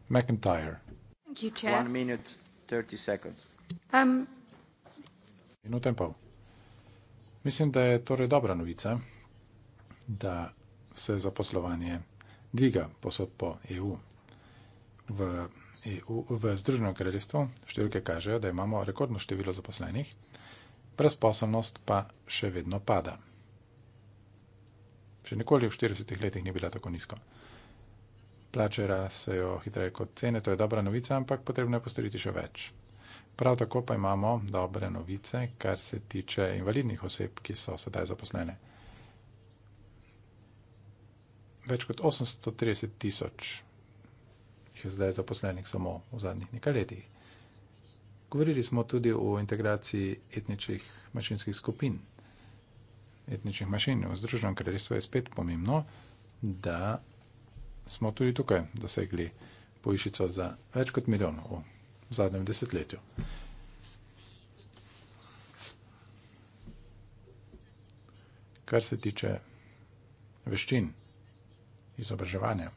McIntyre. Minuta um, in pol. Mislim, da je torej dobra novica, da se zaposlovanje dviga posod po EU. V EU v Združeno kraljestvo. Številke kažejo, da imamo rekordno število zaposlenih, brezposobnost pa še vedno pada. Še nikoli v 40 letih ni bila tako nizko. Plače rasejo hitreje kot cene, to je dobra novica, ampak potrebno je postoriti še več. Prav tako pa imamo dobre novice, kar se tiče invalidnih oseb, ki so sedaj zaposlene. Več kot 830 tisoč zdaj zaposlenih samo v zadnjih nekaj letih. Govorili smo tudi o integraciji etničnih mašinskih skupin, etničnih mašin v Združenem kraljestvu. Je spet pomembno, da smo tudi tukaj dosegli povišico za več kot milijon v zadnjem desetletju. Kar se tiče veščin, izobraževanja,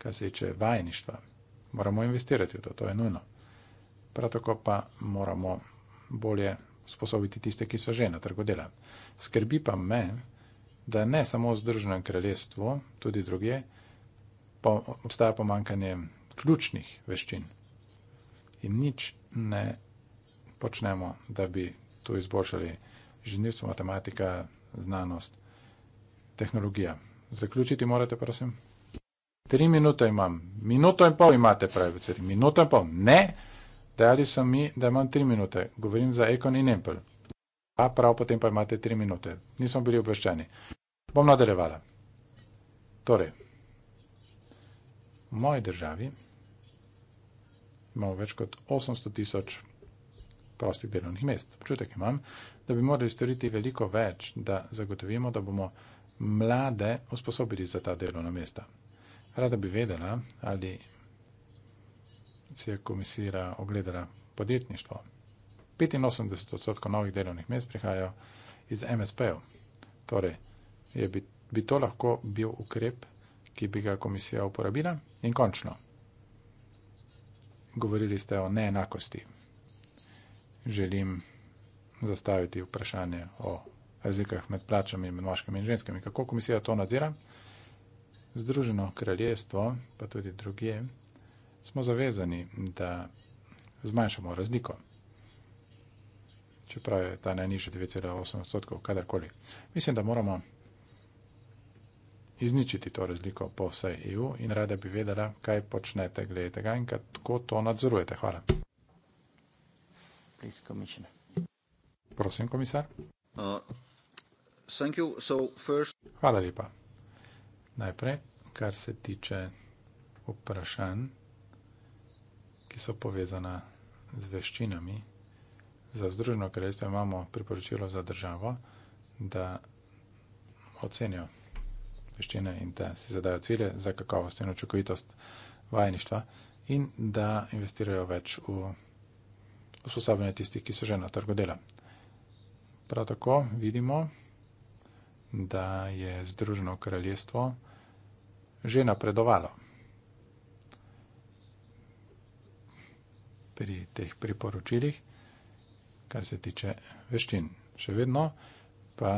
kar se tiče vajeništva, moramo investirati v to, to je nujno. Prav tako pa moramo bolje usposobiti tiste, ki so že na trgu dela. Skrbi pa me, da ne samo v Združenem kraljestvu, tudi druge, pa obstaja pomankanje ključnih veščin in nič ne počnemo, da bi to izboljšali. Inženirstvo, matematika, znanost, tehnologija. Zaključiti morate, prosim. Tri minute imam, minuto in pol imate, pravi vicer, minuto in pol. Ne, dali so mi, da imam tri minute, govorim za Econ in Empel. A prav potem pa imate tri minute, nismo bili obveščeni. Bom nadaljevala. Torej, v moji državi imamo več kot 800 tisoč prostih delovnih mest. Občutek imam, da bi morali storiti veliko več, da zagotovimo, da bomo mlade usposobili za ta delovna mesta. Rada bi vedela, ali se je komisija ogledala podjetništvo. 85 odstotkov novih delovnih mest prihajajo iz MSP-ov. Torej, bi, bi to lahko bil ukrep, ki bi ga komisija uporabila? In končno, govorili ste o neenakosti. Želim zastaviti vprašanje o razlikah med plačami med moškimi in ženskami. Kako komisija to nadzira? Združeno kraljestvo, pa tudi druge, smo zavezani, da zmanjšamo razliko. Čeprav je ta najnižja 9,8 odstotkov, kadarkoli. Mislim, da moramo izničiti to razliko po vsej EU in rada bi vedela, kaj počnete glede tega in kako to nadzorujete. Hvala. Please, Prosim, komisar. Uh, thank you. So first... Hvala lepa. Najprej, kar se tiče vprašanj, ki so povezana z veščinami, za Združeno kraljestvo imamo priporočilo za državo, da ocenijo veščine in da si zadajo cilje za kakovost in očekovitost vajeništva in da investirajo več v usposabljanje tistih, ki so že na trgu dela. Prav tako vidimo, da je Združeno kraljestvo že napredovalo pri teh priporočilih, kar se tiče veščin. Še vedno pa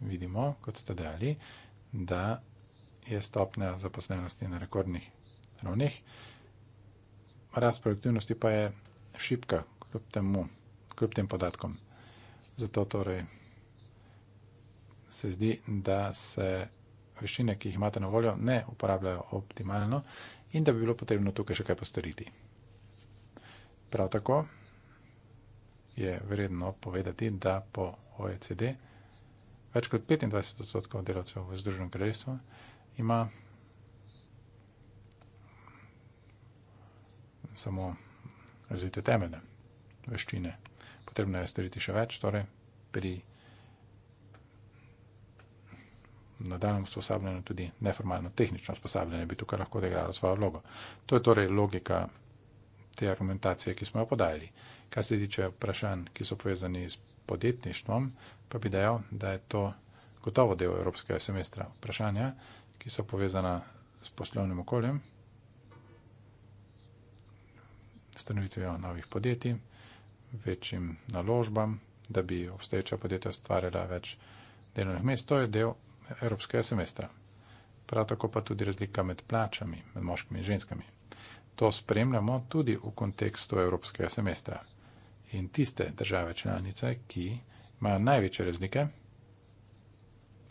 vidimo, kot ste dejali, da je stopnja zaposlenosti na rekordnih ravneh, rast produktivnosti pa je šipka kljub tem podatkom. Zato torej se zdi, da se veščine, ki jih imate na voljo, ne uporabljajo optimalno in da bi bilo potrebno tukaj še kaj postoriti. Prav tako je vredno povedati, da po OECD več kot 25 odstotkov delavcev v Združenem kraljestvu ima samo razvite temelje veščine. Potrebno je storiti še več, torej pri nadaljem usposabljanju tudi neformalno tehnično usposabljanje bi tukaj lahko odigralo svojo vlogo. To je torej logika te argumentacije, ki smo jo podali. Kar se tiče vprašanj, ki so povezani s podjetništvom, pa bi dejal, da je to gotovo del evropskega semestra. Vprašanja, ki so povezana s poslovnim okoljem, stanovitvijo novih podjetij, večjim naložbam, da bi obstoječa podjetja ustvarjala več delovnih mest, to je del evropskega semestra. Prav tako pa tudi razlika med plačami, med moškimi in ženskami. To spremljamo tudi v kontekstu evropskega semestra. In tiste države članice, ki imajo največje razlike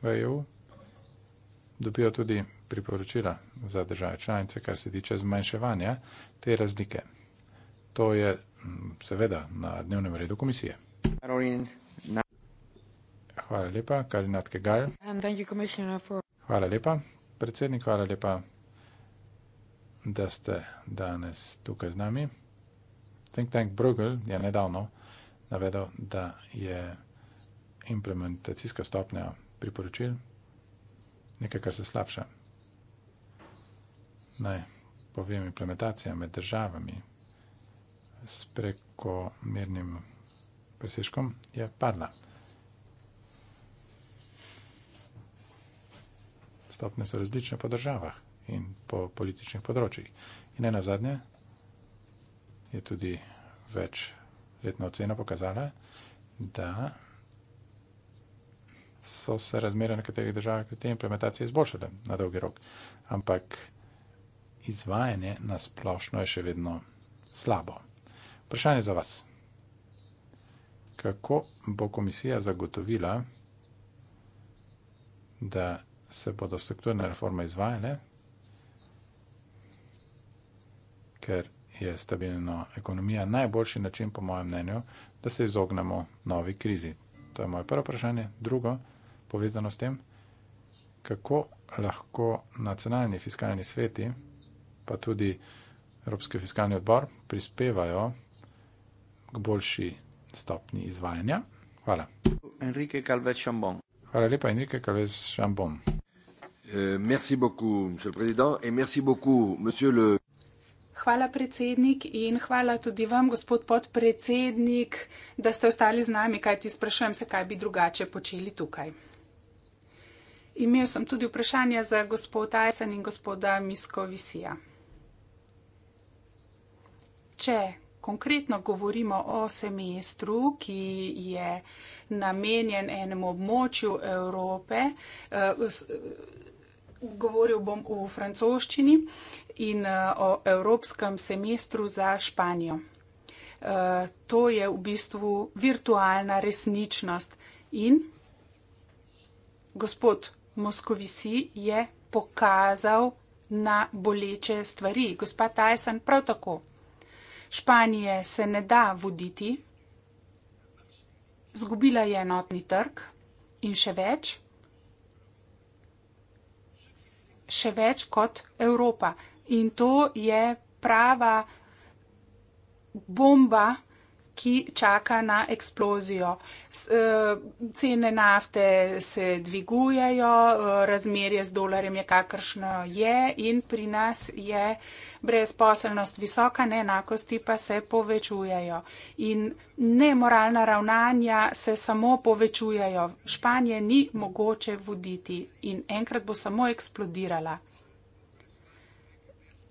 v EU, dobijo tudi priporočila za države članice, kar se tiče zmanjševanja te razlike. To je mm, seveda na dnevnem redu komisije. Hvala lepa, Karinat Kegal. Hvala lepa, predsednik, hvala lepa, da ste danes tukaj z nami. Think Tank Bruegel je nedavno navedel, da je implementacijska stopnja priporočil nekaj, kar se slabša. Naj povem implementacija med državami s prekomernim presežkom je padla. stopne so različne po državah in po političnih področjih. In ena zadnja je tudi več letno oceno pokazala, da so se razmere na nekaterih državah pri tej implementaciji izboljšale na dolgi rok, ampak izvajanje na splošno je še vedno slabo. Vprašanje za vas. Kako bo komisija zagotovila, da se bodo strukturne reforme izvajale, ker je stabilna ekonomija najboljši način, po mojem mnenju, da se izognemo novi krizi. To je moje prvo vprašanje. Drugo, povezano s tem, kako lahko nacionalni fiskalni sveti, pa tudi Evropski fiskalni odbor, prispevajo k boljši stopni izvajanja. Hvala. Enrique Calvez Chambon. Hvala lepa, Enrique Calvez Chambon. Euh, hvala, predsednik, in hvala tudi vam, gospod podpredsednik, da ste ostali z nami, kajti sprašujem se, kaj bi drugače počeli tukaj. Imel sem tudi vprašanje za gospod Ajsen in gospoda Miskovisija. Če konkretno govorimo o semestru, ki je namenjen enemu območju Evrope, eh, govoril bom v francoščini in eh, o evropskem semestru za Španijo. Eh, to je v bistvu virtualna resničnost in gospod Moskovici je pokazal na boleče stvari. Gospa Tyson prav tako. Španije se ne da voditi, zgubila je enotni trg in še več še več kot Evropa. In to je prava bomba ki čaka na eksplozijo. Eh, cene nafte se dvigujejo, eh, razmerje z dolarjem je kakršno je in pri nas je brezposelnost visoka, neenakosti pa se povečujejo. In nemoralna ravnanja se samo povečujejo. Španije ni mogoče voditi in enkrat bo samo eksplodirala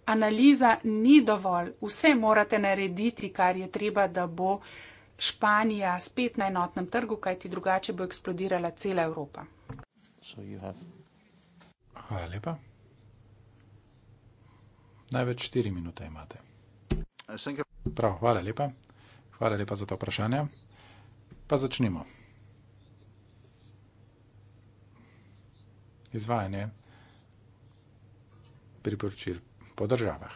analiza ni dovolj, vse morate narediti, kar je treba, da bo Španija spet na enotnem trgu, kajti drugače bo eksplodirala cela Evropa. Hvala lepa. Največ 4 minute imate. Uh, Prav, hvala lepa. Hvala lepa za to vprašanje. Pa začnimo. Izvajanje priporočil po državah.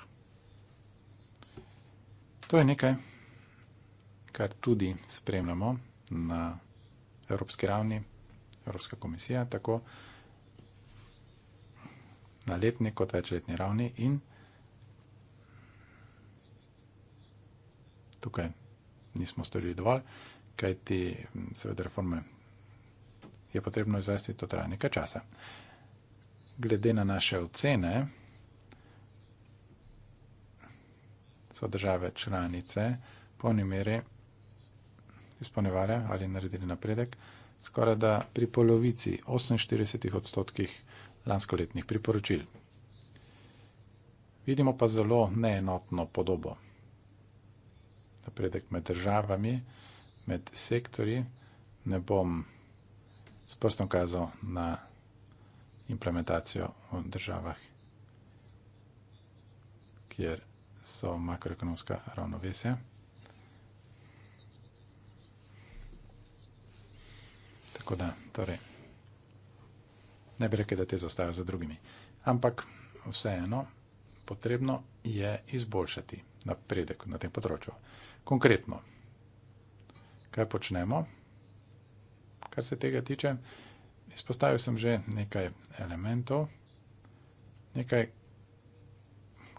To je nekaj, kar tudi spremljamo na evropski ravni. Evropska komisija tako na letni kot večletni ravni in tukaj nismo storili dovolj, kaj ti seveda reforme je potrebno izvesti, to traja nekaj časa. Glede na naše ocene, so države članice v polni meri izpolnevale ali naredili napredek, skoraj da pri polovici 48 odstotkih lanskoletnih priporočil. Vidimo pa zelo neenotno podobo. Napredek med državami, med sektorji, ne bom s prstom kazal na implementacijo v državah, kjer so makroekonomska ravnovesja. Tako da, torej, ne bi rekel, da te zastajajo za drugimi, ampak vseeno potrebno je izboljšati napredek na tem področju. Konkretno, kaj počnemo, kar se tega tiče, izpostavil sem že nekaj elementov, nekaj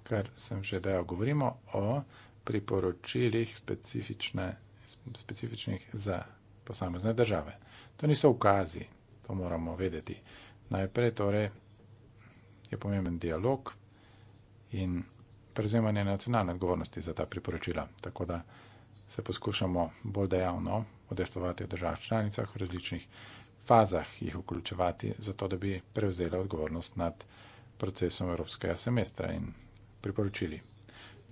kar sem že dejal. Govorimo o priporočilih specifičnih za posamezne države. To niso ukazi, to moramo vedeti. Najprej torej je pomemben dialog in prevzemanje nacionalne odgovornosti za ta priporočila. Tako da se poskušamo bolj dejavno odestovati v državah članicah v različnih fazah jih vključevati, zato da bi prevzela odgovornost nad procesom evropskega semestra in priporočili.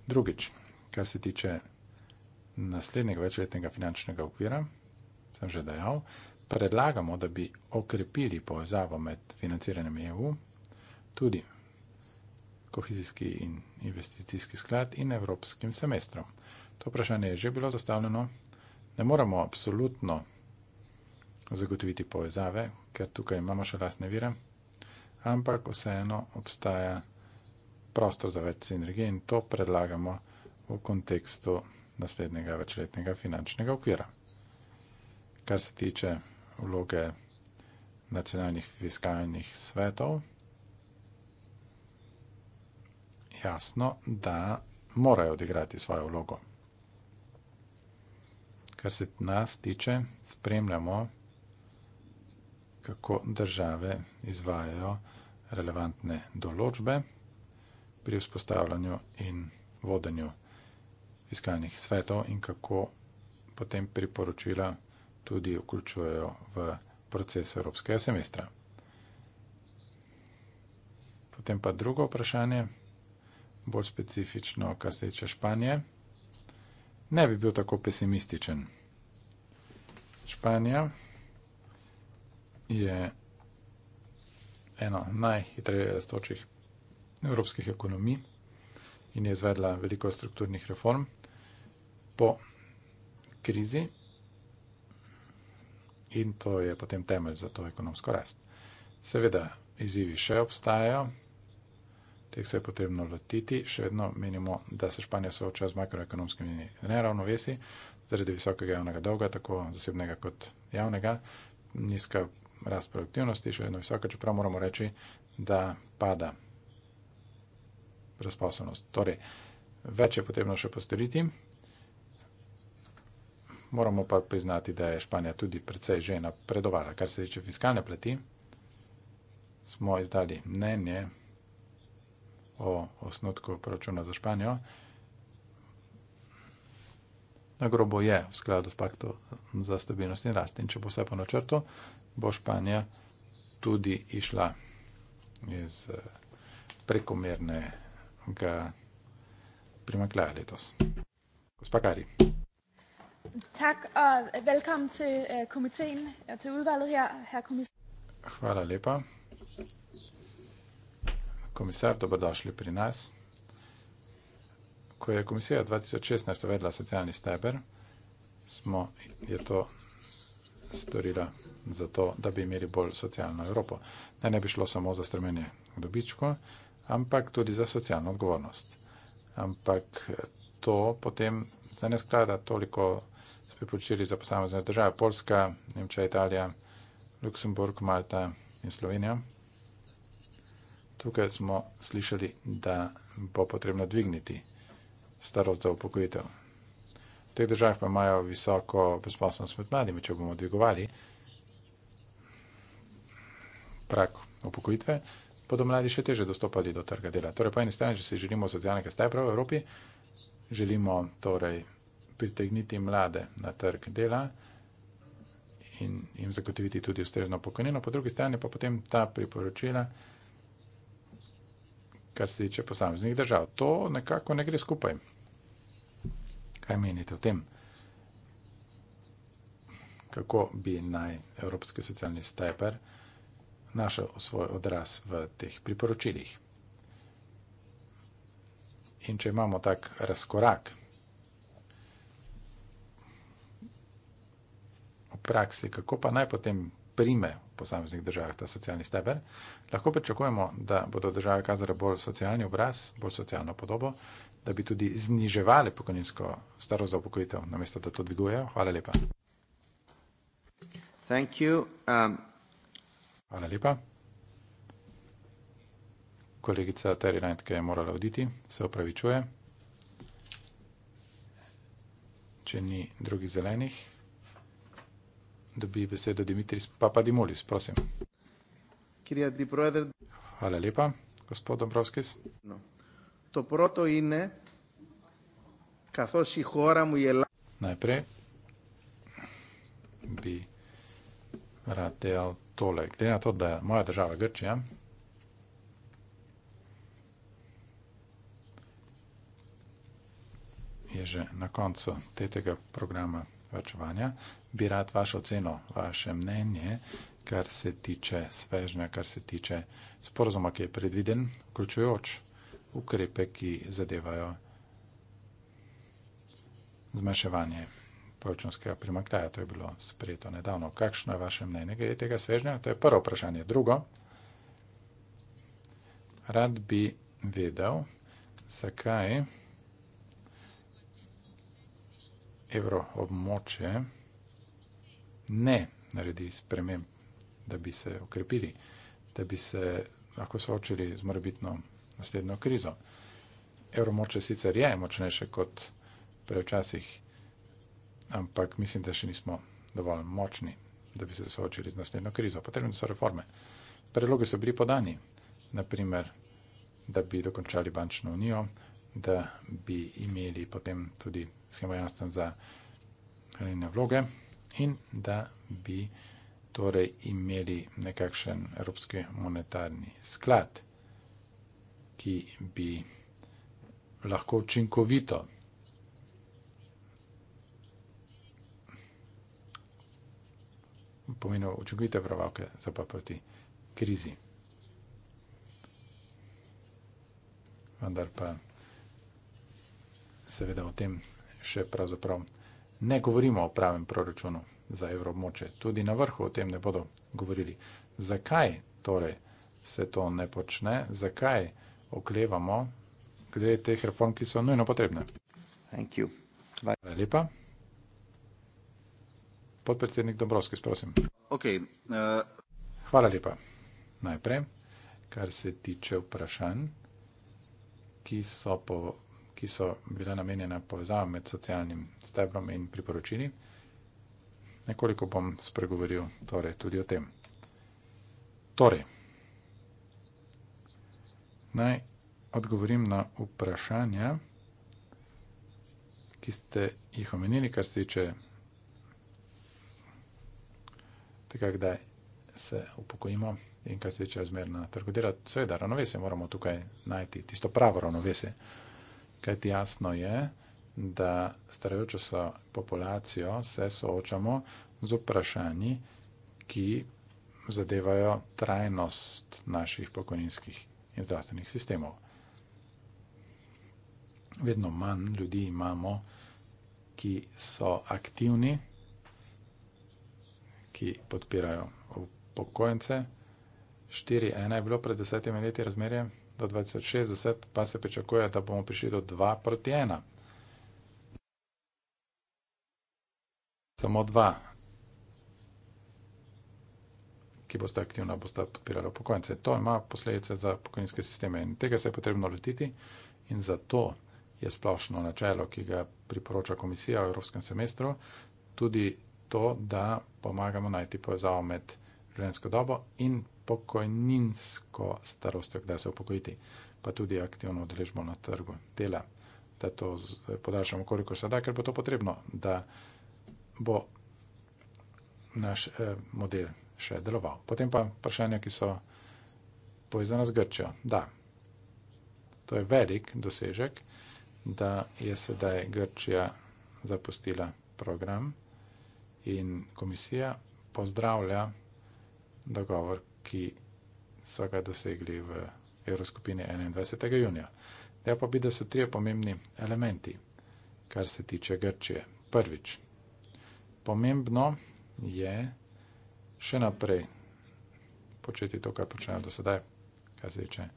Drugič, kar se tiče naslednjega večletnega finančnega okvira, sem že dejal, predlagamo, da bi okrepili povezavo med financiranjem EU, tudi kohezijski in investicijski sklad in evropskim semestrom. To vprašanje je že bilo zastavljeno. Ne moramo absolutno zagotoviti povezave, ker tukaj imamo še lastne vire, ampak vseeno obstaja prostor za več sinergije in to predlagamo v kontekstu naslednjega večletnega finančnega okvira. Kar se tiče vloge nacionalnih fiskalnih svetov, jasno, da morajo odigrati svojo vlogo. Kar se nas tiče, spremljamo, kako države izvajajo relevantne določbe pri vzpostavljanju in vodenju fiskalnih svetov in kako potem priporočila tudi vključujejo v proces evropskega semestra. Potem pa drugo vprašanje, bolj specifično, kar se tiče Španije. Ne bi bil tako pesimističen. Španija je eno najhitreje rastočih evropskih ekonomij in je izvedla veliko strukturnih reform. Po krizi, in to je potem temelj za to ekonomsko rast. Seveda, izzivi še obstajajo, teh se je potrebno lotiti, še vedno menimo, da se Španija sooča z makroekonomskimi neravnovesi zaradi visokega javnega dolga, tako zasebnega kot javnega, nizka rast produktivnosti, še vedno visoka, čeprav moramo reči, da pada brezposobnost. Torej, več je potrebno še postoriti. Moramo pa priznati, da je Španija tudi precej že napredovala. Kar se tiče fiskalne plati, smo izdali mnenje o osnutku proračuna za Španijo. Nagrobo je v skladu s paktom za stabilnost in rast. In če bo vse po načrtu, bo Španija tudi išla iz eh, prekomerne ga primakla letos. Gospa Kari. Tak og velkommen til uh, komiteen og ja, til udvalget her, her komiteen. Hvala lepa. Komisar, dobrodošli pri nas. Ko je komisija 2016 uvedla socialni steber, smo je to storila zato, da bi imeli bolj socialno Evropo. Ne, ne bi šlo samo za strmenje k dobičku, ampak tudi za socialno odgovornost. Ampak to potem za ne sklada toliko s priporočili za posamezne države. Poljska, Nemčija, Italija, Luksemburg, Malta in Slovenija. Tukaj smo slišali, da bo potrebno dvigniti starost za upokojitev. V teh državah pa imajo visoko brezposobnost med mladimi, če bomo dvigovali prak upokojitve, bodo mladi še teže dostopali do trga dela. Torej, po eni strani, če si želimo socialnega stebra v Evropi, želimo torej pritegniti mlade na trg dela in jim zagotoviti tudi ustrezno pokojnino, po drugi strani pa potem ta priporočila, kar se tiče posameznih držav. To nekako ne gre skupaj. Kaj menite o tem? Kako bi naj Evropski socialni stebr? našel svoj odraz v teh priporočilih. In če imamo tak razkorak v praksi, kako pa naj potem prime v posameznih državah ta socialni steber, lahko pričakujemo, da bodo države kazale bolj socialni obraz, bolj socialno podobo, da bi tudi zniževali pokojninsko starost za upokojitev, namesto da to dvigujejo. Hvala lepa. Thank you. Um... Hvala lepa. Kolegica Terry Rajntke je morala oditi, se opravičuje. Če ni drugih zelenih, dobi besedo Dimitris Papadimolis, prosim. Hvala lepa, gospod Dombrovskis. No. Najprej bi rad delal tole. Glede na to, da je moja država Grčija, je že na koncu tega programa vrčevanja, bi rad vašo oceno, vaše mnenje, kar se tiče svežnja, kar se tiče sporozuma, ki je predviden, vključujoč ukrepe, ki zadevajo zmaševanje povečanskega primakljaja, to je bilo sprejeto nedavno. Kakšno je vaše mnenje glede tega svežnja? To je prvo vprašanje. Drugo, rad bi vedel, zakaj evroobmoče ne naredi sprememb, da bi se okrepili, da bi se lahko soočili z morebitno naslednjo krizo. Evromoče sicer je močnejše kot prej včasih ampak mislim, da še nismo dovolj močni, da bi se soočili z naslednjo krizo. Potrebne so reforme. Predloge so bili podani, naprimer, da bi dokončali bančno unijo, da bi imeli potem tudi schema jamstven za hranilne vloge in da bi torej imeli nekakšen evropski monetarni sklad, ki bi lahko učinkovito pomenil učinkovite varovalke za pa proti krizi. Vendar pa seveda o tem še pravzaprav ne govorimo o pravem proračunu za evroobmoče. Tudi na vrhu o tem ne bodo govorili. Zakaj torej se to ne počne, zakaj oklevamo glede teh reform, ki so nujno potrebne. Hvala lepa podpredsednik Dombrovskis, prosim. Okay, uh... Hvala lepa. Najprej, kar se tiče vprašanj, ki so, po, ki so bila namenjena povezava med socialnim stebrom in priporočili, nekoliko bom spregovoril torej, tudi o tem. Torej, naj odgovorim na vprašanja, ki ste jih omenili, kar se tiče tega, kdaj se upokojimo in kaj se tiče razmer na trgu dela. Seveda, ravnovesje moramo tukaj najti, tisto pravo ravnovesje. Kaj ti jasno je, da starajočo se populacijo se soočamo z vprašanji, ki zadevajo trajnost naših pokojninskih in zdravstvenih sistemov. Vedno manj ljudi imamo, ki so aktivni, ki podpirajo upokojence. 4-1 je bilo pred desetimi leti razmerje, do 2060 pa se pričakuje, da bomo prišli do 2 proti 1. Samo dva, ki boste aktivna, boste podpirali upokojence. To ima posledice za pokojninske sisteme in tega se je potrebno lotiti in zato je splošno načelo, ki ga priporoča komisija v Evropskem semestru, tudi to, da pomagamo najti povezavo med življenjsko dobo in pokojninsko starostjo, kdaj se upokojiti, pa tudi aktivno odrežbo na trgu dela, da to podaljšamo, koliko se da, ker bo to potrebno, da bo naš eh, model še deloval. Potem pa vprašanja, ki so povezana z Grčjo. Da, to je velik dosežek, da je sedaj Grčija zapustila program in komisija pozdravlja dogovor, ki so ga dosegli v Evroskupini 21. junija. Ja pa bi, da so trije pomembni elementi, kar se tiče Grčije. Prvič, pomembno je še naprej početi to, kar počnejo do sedaj, kar se tiče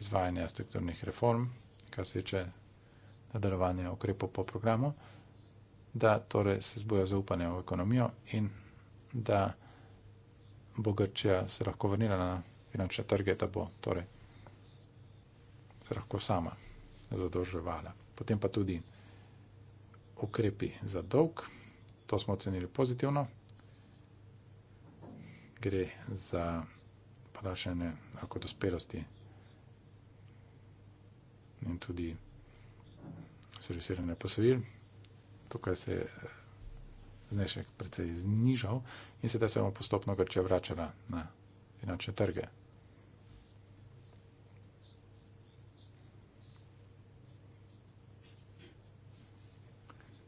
izvajanja strukturnih reform, kar se tiče nadaljevanja ukrepov po programu da torej se zbuja zaupanje v ekonomijo in da bo Grčija se lahko vrnila na finančne trge, da bo torej se lahko sama zadolževala. Potem pa tudi ukrepi za dolg, to smo ocenili pozitivno, gre za podaljšanje lahko dospelosti in tudi servisiranje posojil tukaj se je eh, znesek precej znižal in sedaj se bomo postopno Grčija vračala na finančne trge.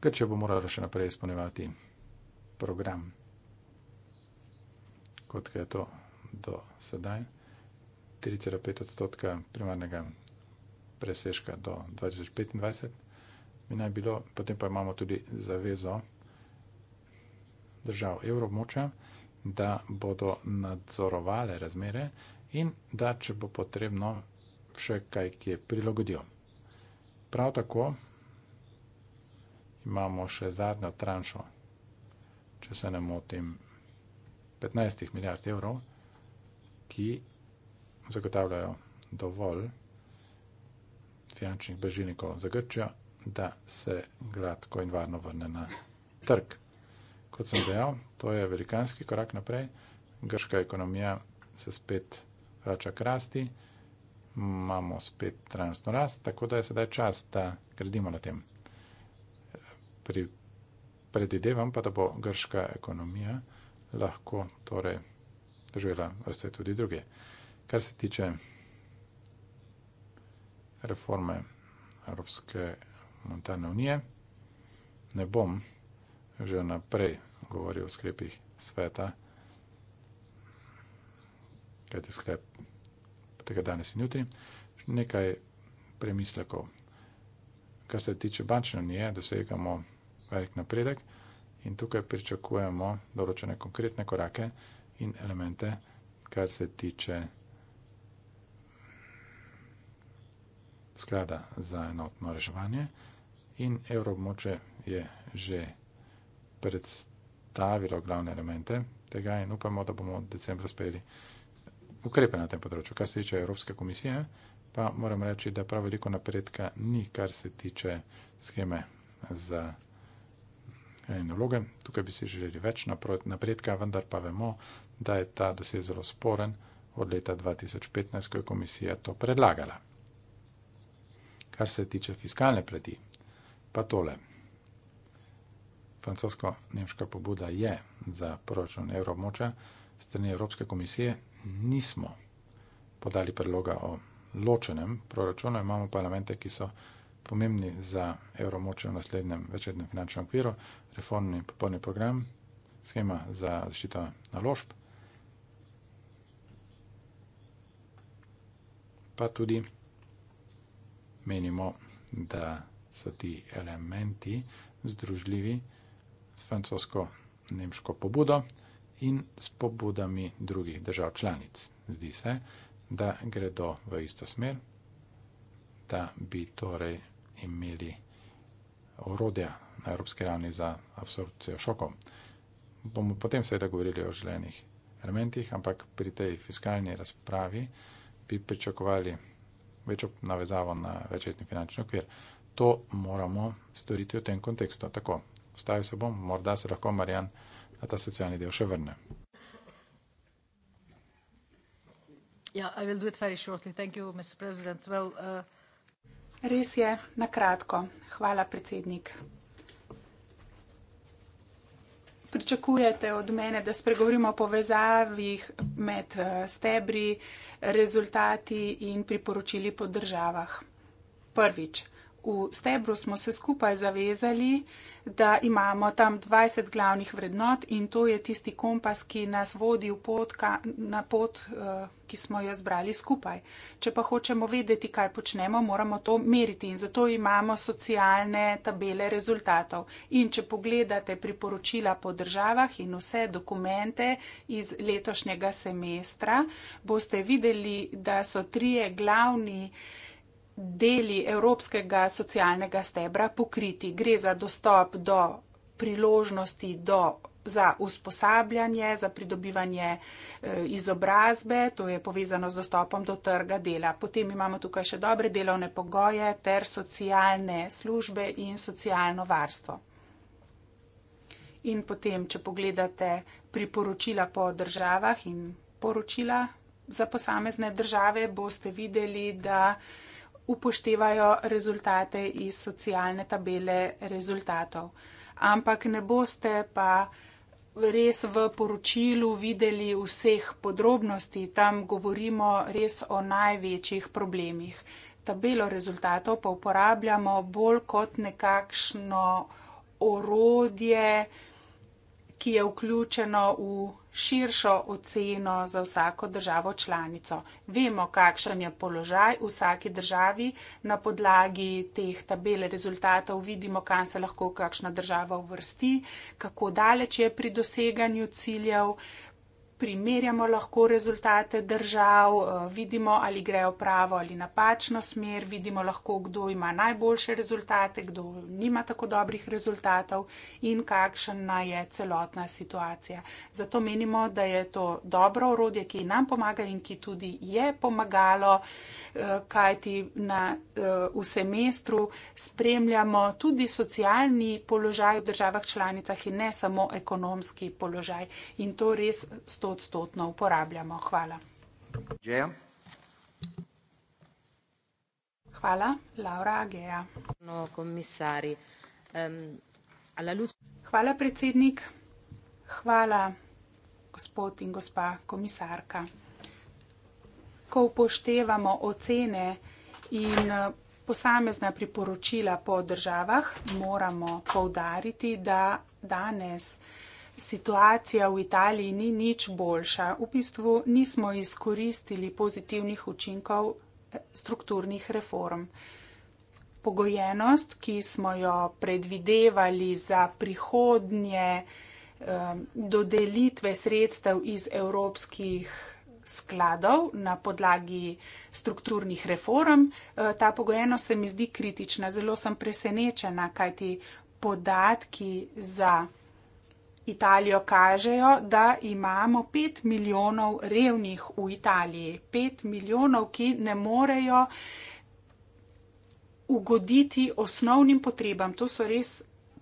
Grčija bo morala še naprej izpolnjevati program, kot je to do sedaj. 3,5 odstotka primarnega presežka do 2025 bi naj bilo, potem pa imamo tudi zavezo držav evroobmočja, da bodo nadzorovali razmere in da, če bo potrebno, še kaj, ki je prilagodil. Prav tako imamo še zadnjo tranšo, če se ne motim, 15 milijard evrov, ki zagotavljajo dovolj finančnih bežilnikov za Grčijo da se gladko in varno vrne na trg. Kot sem dejal, to je velikanski korak naprej. Grška ekonomija se spet vrača k rasti, imamo spet trajnostno rast, tako da je sedaj čas, da gradimo na tem. Pri predidevam pa, da bo grška ekonomija lahko torej doživela vrste tudi druge. Kar se tiče reforme Evropske Montana unije. Ne bom že naprej govoril o sklepih sveta, kajte sklep tega danes in jutri. Nekaj premislekov. Kar se tiče bančne unije, dosegamo velik napredek in tukaj pričakujemo določene konkretne korake in elemente, kar se tiče sklada za enotno reševanje in evroobmoče je že predstavilo glavne elemente tega in upamo, da bomo od decembra speli ukrepe na tem področju. Kar se tiče Evropske komisije, pa moram reči, da prav veliko napredka ni, kar se tiče scheme za naloge. Tukaj bi si želeli več napredka, vendar pa vemo, da je ta dosje zelo sporen od leta 2015, ko je komisija to predlagala. Kar se tiče fiskalne plati, pa tole. Francosko-nemška pobuda je za proračun evromoča strani Evropske komisije. Nismo podali predloga o ločenem proračunu, imamo parlamente, ki so pomembni za evromoč v naslednjem večletnem finančnem okviru, reformni popolni program, schema za zaščito naložb, pa tudi menimo, da so ti elementi združljivi s francosko-nemško pobudo in s pobudami drugih držav članic. Zdi se, da gredo v isto smer, da bi torej imeli orodja na evropski ravni za absorpcijo šokov. Bomo potem seveda govorili o želenih elementih, ampak pri tej fiskalni razpravi bi pričakovali večjo navezavo na večletni finančni okvir to moramo storiti v tem kontekstu. Tako, ostavil se bom, morda se lahko Marjan na ta socialni del še vrne. Ja, yeah, you, well, uh... Res je, na kratko. Hvala, predsednik. Pričakujete od mene, da spregovorimo o povezavih med uh, stebri, rezultati in priporočili po državah. Prvič v stebru smo se skupaj zavezali, da imamo tam 20 glavnih vrednot in to je tisti kompas, ki nas vodi pot, ka, na pot, eh, ki smo jo zbrali skupaj. Če pa hočemo vedeti, kaj počnemo, moramo to meriti in zato imamo socialne tabele rezultatov. In če pogledate priporočila po državah in vse dokumente iz letošnjega semestra, boste videli, da so trije glavni vrednoti, deli evropskega socialnega stebra pokriti. Gre za dostop do priložnosti do, za usposabljanje, za pridobivanje eh, izobrazbe, to je povezano z dostopom do trga dela. Potem imamo tukaj še dobre delovne pogoje ter socialne službe in socialno varstvo. In potem, če pogledate priporočila po državah in poročila za posamezne države, boste videli, da upoštevajo rezultate iz socialne tabele rezultatov. Ampak ne boste pa res v poročilu videli vseh podrobnosti, tam govorimo res o največjih problemih. Tabelo rezultatov pa uporabljamo bolj kot nekakšno orodje, ki je vključeno v širšo oceno za vsako državo članico. Vemo, kakšen je položaj v vsaki državi. Na podlagi teh tabel rezultatov vidimo, kam se lahko kakšna država uvrsti, kako daleč je pri doseganju ciljev primerjamo lahko rezultate držav, eh, vidimo, ali grejo pravo ali napačno smer, vidimo lahko, kdo ima najboljše rezultate, kdo nima tako dobrih rezultatov in kakšna je celotna situacija. Zato menimo, da je to dobro orodje, ki nam pomaga in ki tudi je pomagalo, eh, kajti na, eh, v semestru spremljamo tudi socialni položaj v državah članicah in ne samo ekonomski položaj. In to res stoji stotodstotno uporabljamo. Hvala. Džeja. Hvala, Laura Ageja. No, komisari. Um, Hvala, predsednik. Hvala, gospod in gospa komisarka. Ko upoštevamo ocene in posamezna priporočila po državah, moramo povdariti, da danes situacija v Italiji ni nič boljša. V bistvu nismo izkoristili pozitivnih učinkov eh, strukturnih reform. Pogojenost, ki smo jo predvidevali za prihodnje eh, dodelitve sredstev iz evropskih skladov na podlagi strukturnih reform, eh, ta pogojenost se mi zdi kritična. Zelo sem presenečena, kajti podatki za Italijo kažejo, da imamo pet milijonov revnih v Italiji, pet milijonov, ki ne morejo ugoditi osnovnim potrebam. To, res,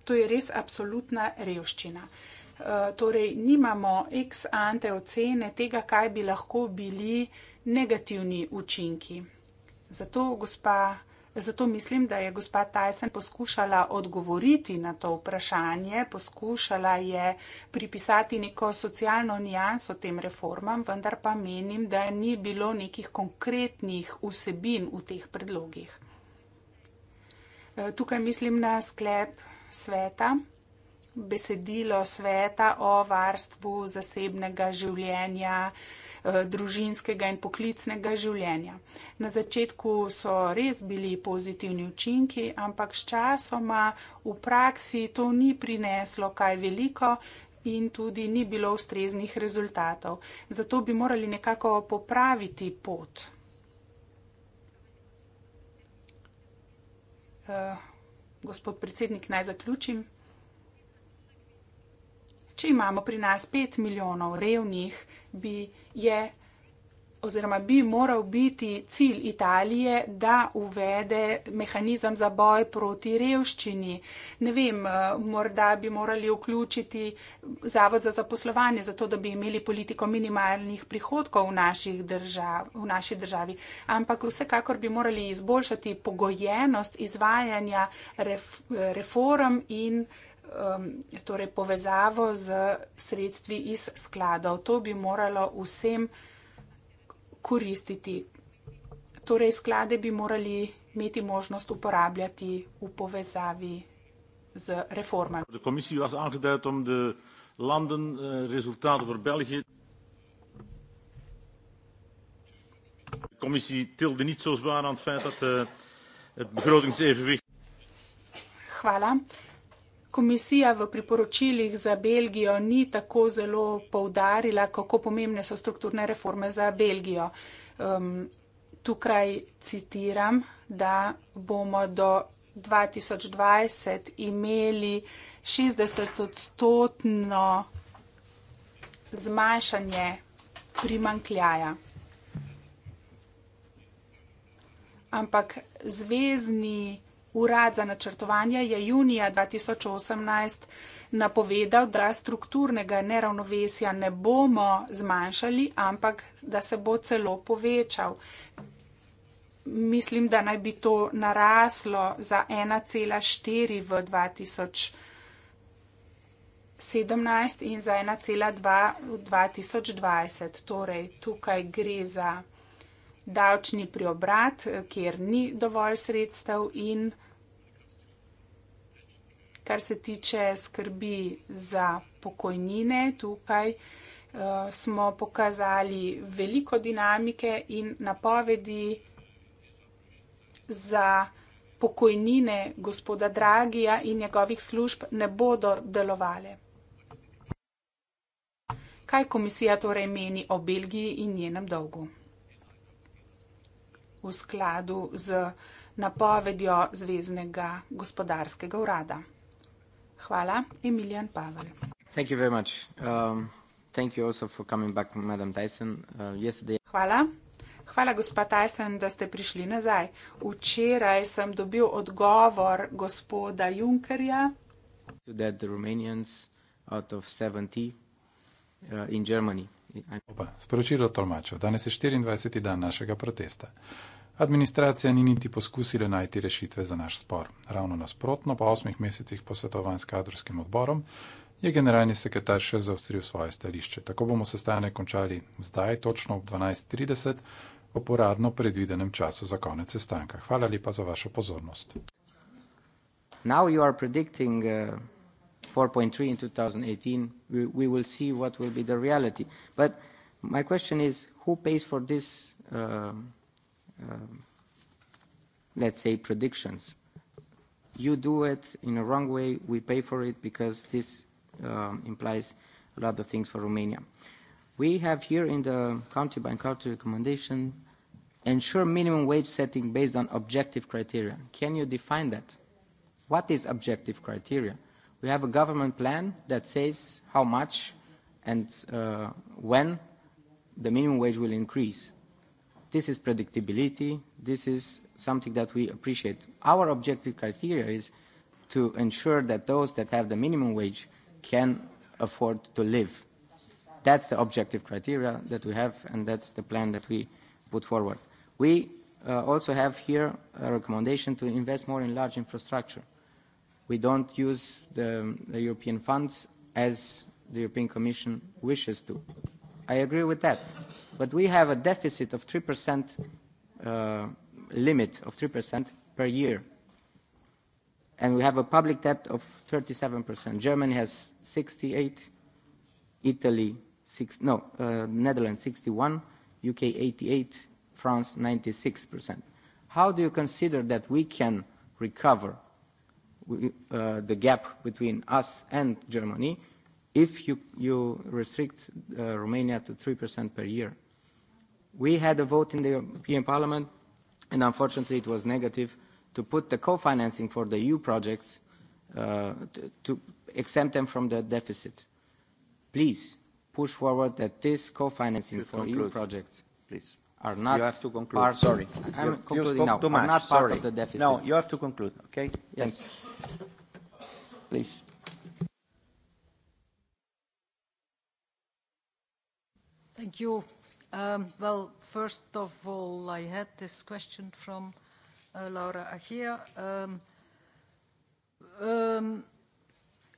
to je res absolutna revščina. Eh, torej, nimamo ex ante ocene tega, kaj bi lahko bili negativni učinki. Zato, gospa. Zato mislim, da je gospa Tyson poskušala odgovoriti na to vprašanje, poskušala je pripisati neko socialno nijanso tem reformam, vendar pa menim, da ni bilo nekih konkretnih vsebin v teh predlogih. E, tukaj mislim na sklep sveta, besedilo sveta o varstvu zasebnega življenja, Eh, družinskega in poklicnega življenja. Na začetku so res bili pozitivni učinki, ampak sčasoma v praksi to ni prineslo kaj veliko. In tudi ni bilo ustreznih rezultatov. Zato bi morali nekako popraviti pot. Uh, gospod predsednik, naj zaključim. Če imamo pri nas 5 milijonov revnih, bi je oziroma bi moral biti cilj Italije, da uvede mehanizem za boj proti revščini. Ne vem, eh, morda bi morali vključiti Zavod za zaposlovanje, zato da bi imeli politiko minimalnih prihodkov v, naših držav, v naši državi. Ampak vsekakor bi morali izboljšati pogojenost izvajanja ref, reform in uh, um, torej povezavo z sredstvi iz skladov. To bi moralo vsem koristiti. Torej, sklade bi morali imeti možnost uporabljati v povezavi z reformami. Eh, eh, Hvala. Komisija v priporočilih za Belgijo ni tako zelo poudarila, kako pomembne so strukturne reforme za Belgijo. Um, tukaj citiram, da bomo do 2020 imeli 60 odstotno zmanjšanje primankljaja. Ampak zvezdni. Urad za načrtovanje je junija 2018 napovedal, da strukturnega neravnovesja ne bomo zmanjšali, ampak da se bo celo povečal. Mislim, da naj bi to naraslo za 1,4 v 2017 in za 1,2 v 2020. Torej, tukaj gre za davčni preobrat, kjer ni dovolj sredstev in. Kar se tiče skrbi za pokojnine, tukaj uh, smo pokazali veliko dinamike in napovedi za pokojnine gospoda Dragija in njegovih služb ne bodo delovale. Kaj komisija torej meni o Belgiji in njenem dolgu? V skladu z napovedjo Zvezdnega gospodarskega urada. Hvala. Emilijan Pavel. Thank you very much. Um, thank you also for coming back, Madam Tyson. Uh, yesterday... Hvala. Hvala, gospa Tyson, da ste prišli nazaj. Včeraj sem dobil odgovor gospoda Junkerja. That the Romanians out of 70 uh, in Germany. Sporočilo tolmačev. Danes je 24. dan našega protesta. Administracija ni niti poskusila najti rešitve za naš spor. Ravno nasprotno, po osmih mesecih posvetovanj s kadrovskim odborom je generalni sekretar še zaostril svoje stališče. Tako bomo sestanek končali zdaj, točno ob 12.30, oporadno predvidenem času za konec sestanka. Hvala lepa za vašo pozornost. Now you are predicting uh, 4.3 in 2018. We, we will see what will be the reality. But my question is, who pays for this uh, Um, let's say, predictions. You do it in a wrong way, we pay for it because this uh, implies a lot of things for Romania. We have here in the country by country recommendation ensure minimum wage setting based on objective criteria. Can you define that? What is objective criteria? We have a government plan that says how much and uh, when the minimum wage will increase. This is predictability. This is something that we appreciate. Our objective criteria is to ensure that those that have the minimum wage can afford to live. That's the objective criteria that we have, and that's the plan that we put forward. We uh, also have here a recommendation to invest more in large infrastructure. We don't use the European funds as the European Commission wishes to. I agree with that. But we have a deficit of 3% uh, limit of 3% per year. And we have a public debt of 37%. Germany has 68, Italy, six, no, uh, Netherlands 61, UK 88, France 96%. How do you consider that we can recover uh, the gap between us and Germany? if you restrict uh, Romania to 3% per year. We had a vote in the European Parliament, and unfortunately, it was negative to put the co-financing for the EU projects uh, to exempt them from the deficit. Please push forward that this co-financing for EU projects. Please conclude. Are not- You have to conclude. Sorry. I'm concluding now. You spoke too much. Sorry. Are not part of the deficit. No, you have to conclude, okay? Yes. Please. thank you um well first of all i had this question from uh, laura Achia. Um, um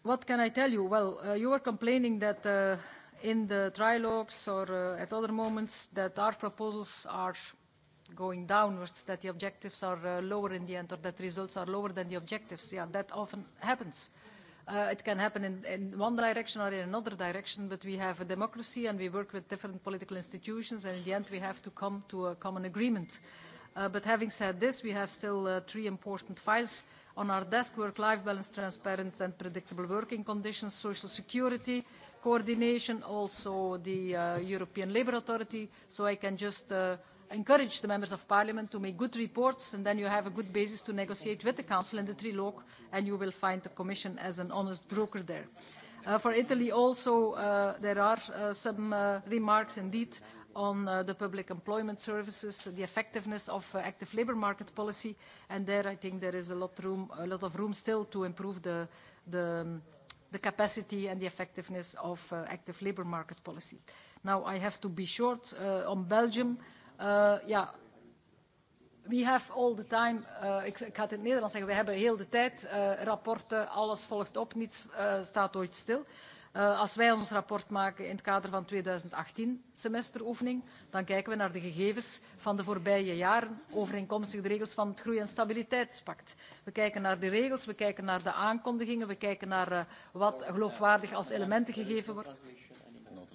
what can i tell you well uh, you were complaining that uh, in the trilogues or uh, at other moments that our proposals are going downwards that the objectives are uh, lower in the end or that results are lower than the objectives yeah that often happens uh, Uh, it can happen in one direction or in another direction but we have a democracy and we work with different political institutions and in the end we have to come to a common agreement. Uh, but having said this, we have still uh, three important files on our desk, work-life balance, transparent and predictable working conditions, social security, coordination, also the uh, European Labour Authority. So I can just uh, encourage the members of parliament to make good reports and then you have a good basis to negotiate with the council in the trilogue and you will find the commission as an honest broker there. Uh, for Italy also, uh, there are uh, some uh, remarks indeed on uh, the public employment services, the effectiveness of uh, active labour market policy, and there I think there is a lot, room, a lot of room still to improve the, the, um, the capacity and the effectiveness of uh, active labour market policy. Now, I have to be short uh, on Belgium. Uh, Eh, ja. we have all the time eh, ik ga het in het nederlands zeggen we hebben heel de tijd eh, rapporten alles volgt op niets staat ooit stil. als wij ons rapport maken in het kader van de tweeduizendachttien semesteroefening dan kijken we naar de gegevens van de voorbije jaren overeenkomstig de regels van het groei en stabiliteitspact. we kijken naar de regels we kijken naar de aankondigingen we kijken naar wat geloofwaardig als elementen gegeven wordt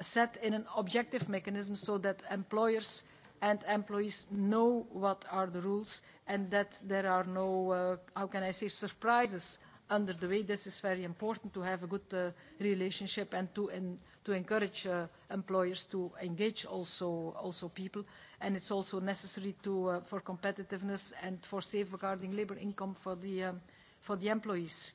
set in an objective mechanism so that employers and employees know what are the rules and that there are no uh, how can i say surprises under the way this is very important to have a good uh, relationship and to in, to encourage uh, employers to engage also also people and it's also necessary to uh, for competitiveness and for safeguarding labor income for the um, for the employees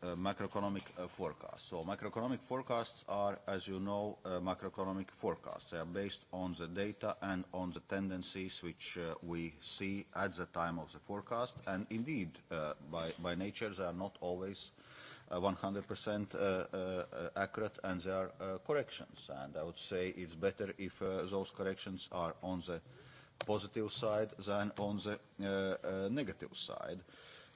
Uh, macroeconomic uh, forecast. Macroeconomic forecasts are, as you know, uh, macroeconomic forecasts. They are based on the data and on the tendencies which we see at the time of the forecast. Indeed, by nature, they are not always 100% accurate, and there are corrections. I would say it's better if those corrections are on the positive side than on the negative side.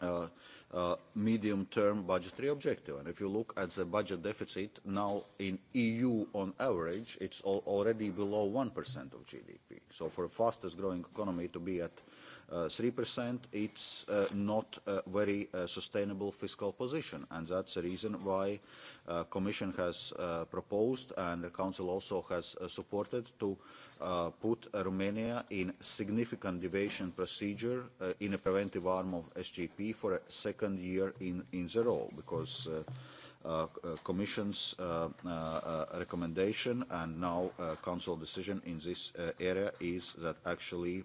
Uh, uh, medium-term budgetary objective. If you look at the budget deficit now in EU on average, it's already below 1% of GDP. For fastest growing economy to be at 3%, uh, it's uh, not a very uh, sustainable fiscal position. That's the reason why Commission has proposed, and the Council also has supported, to put Romania in significant deviation procedure in a preventive arm of SGP for a second year in the role. Because Commission's recommendation and now Council decision in this area is that actually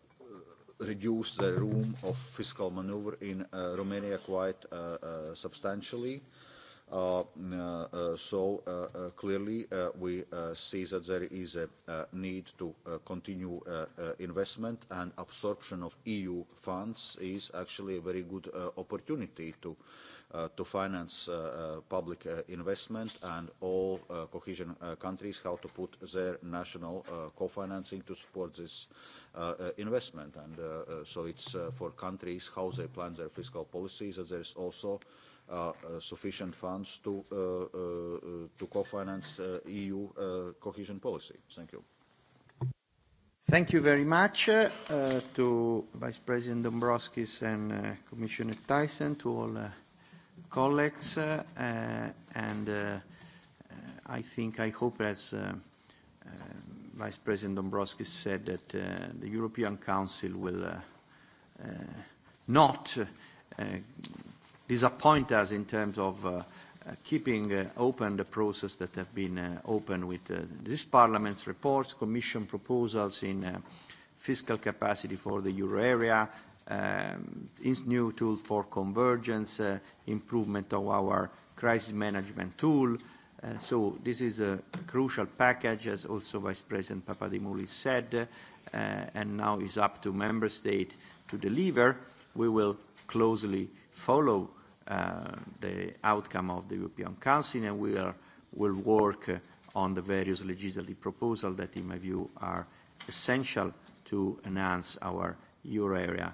reduced the room of fiscal maneuver in uh, Romania quite uh, uh, substantially. Uh, uh, uh, so uh, uh, clearly, uh, we uh, see that there is a uh, need to uh, continue uh, uh, investment and absorption of EU funds is actually a very good uh, opportunity to uh, uh, to finance uh, uh, public uh, investment and all uh, cohesion uh, countries how to put their national uh, co-financing to support this uh, uh, investment. And uh, uh, so it's uh, for countries how they plan their fiscal policies that there's also uh, uh, sufficient funds to, uh, uh, to co-finance uh, EU uh, cohesion policy. Thank you. Thank you very much uh, to Vice President Dombrovskis and uh, Commissioner Tyson, to all uh, colleagues, uh, uh, and uh, I think, I hope, as Vice President Dombrovskis said, that the European Council will not disappoint us in terms of keeping open the process that have been open with this Parliament's reports, Commission proposals in fiscal capacity for the euro area, Um, is new tool for convergence, uh, improvement of our crisis management tool. Uh, this is a crucial package, as also Vice President Papadimoulis said, uh, and now is up to member state to deliver. We will closely follow the outcome of the European Council, and we will work on the various legislative proposal that, in my view, are essential to enhance our euro area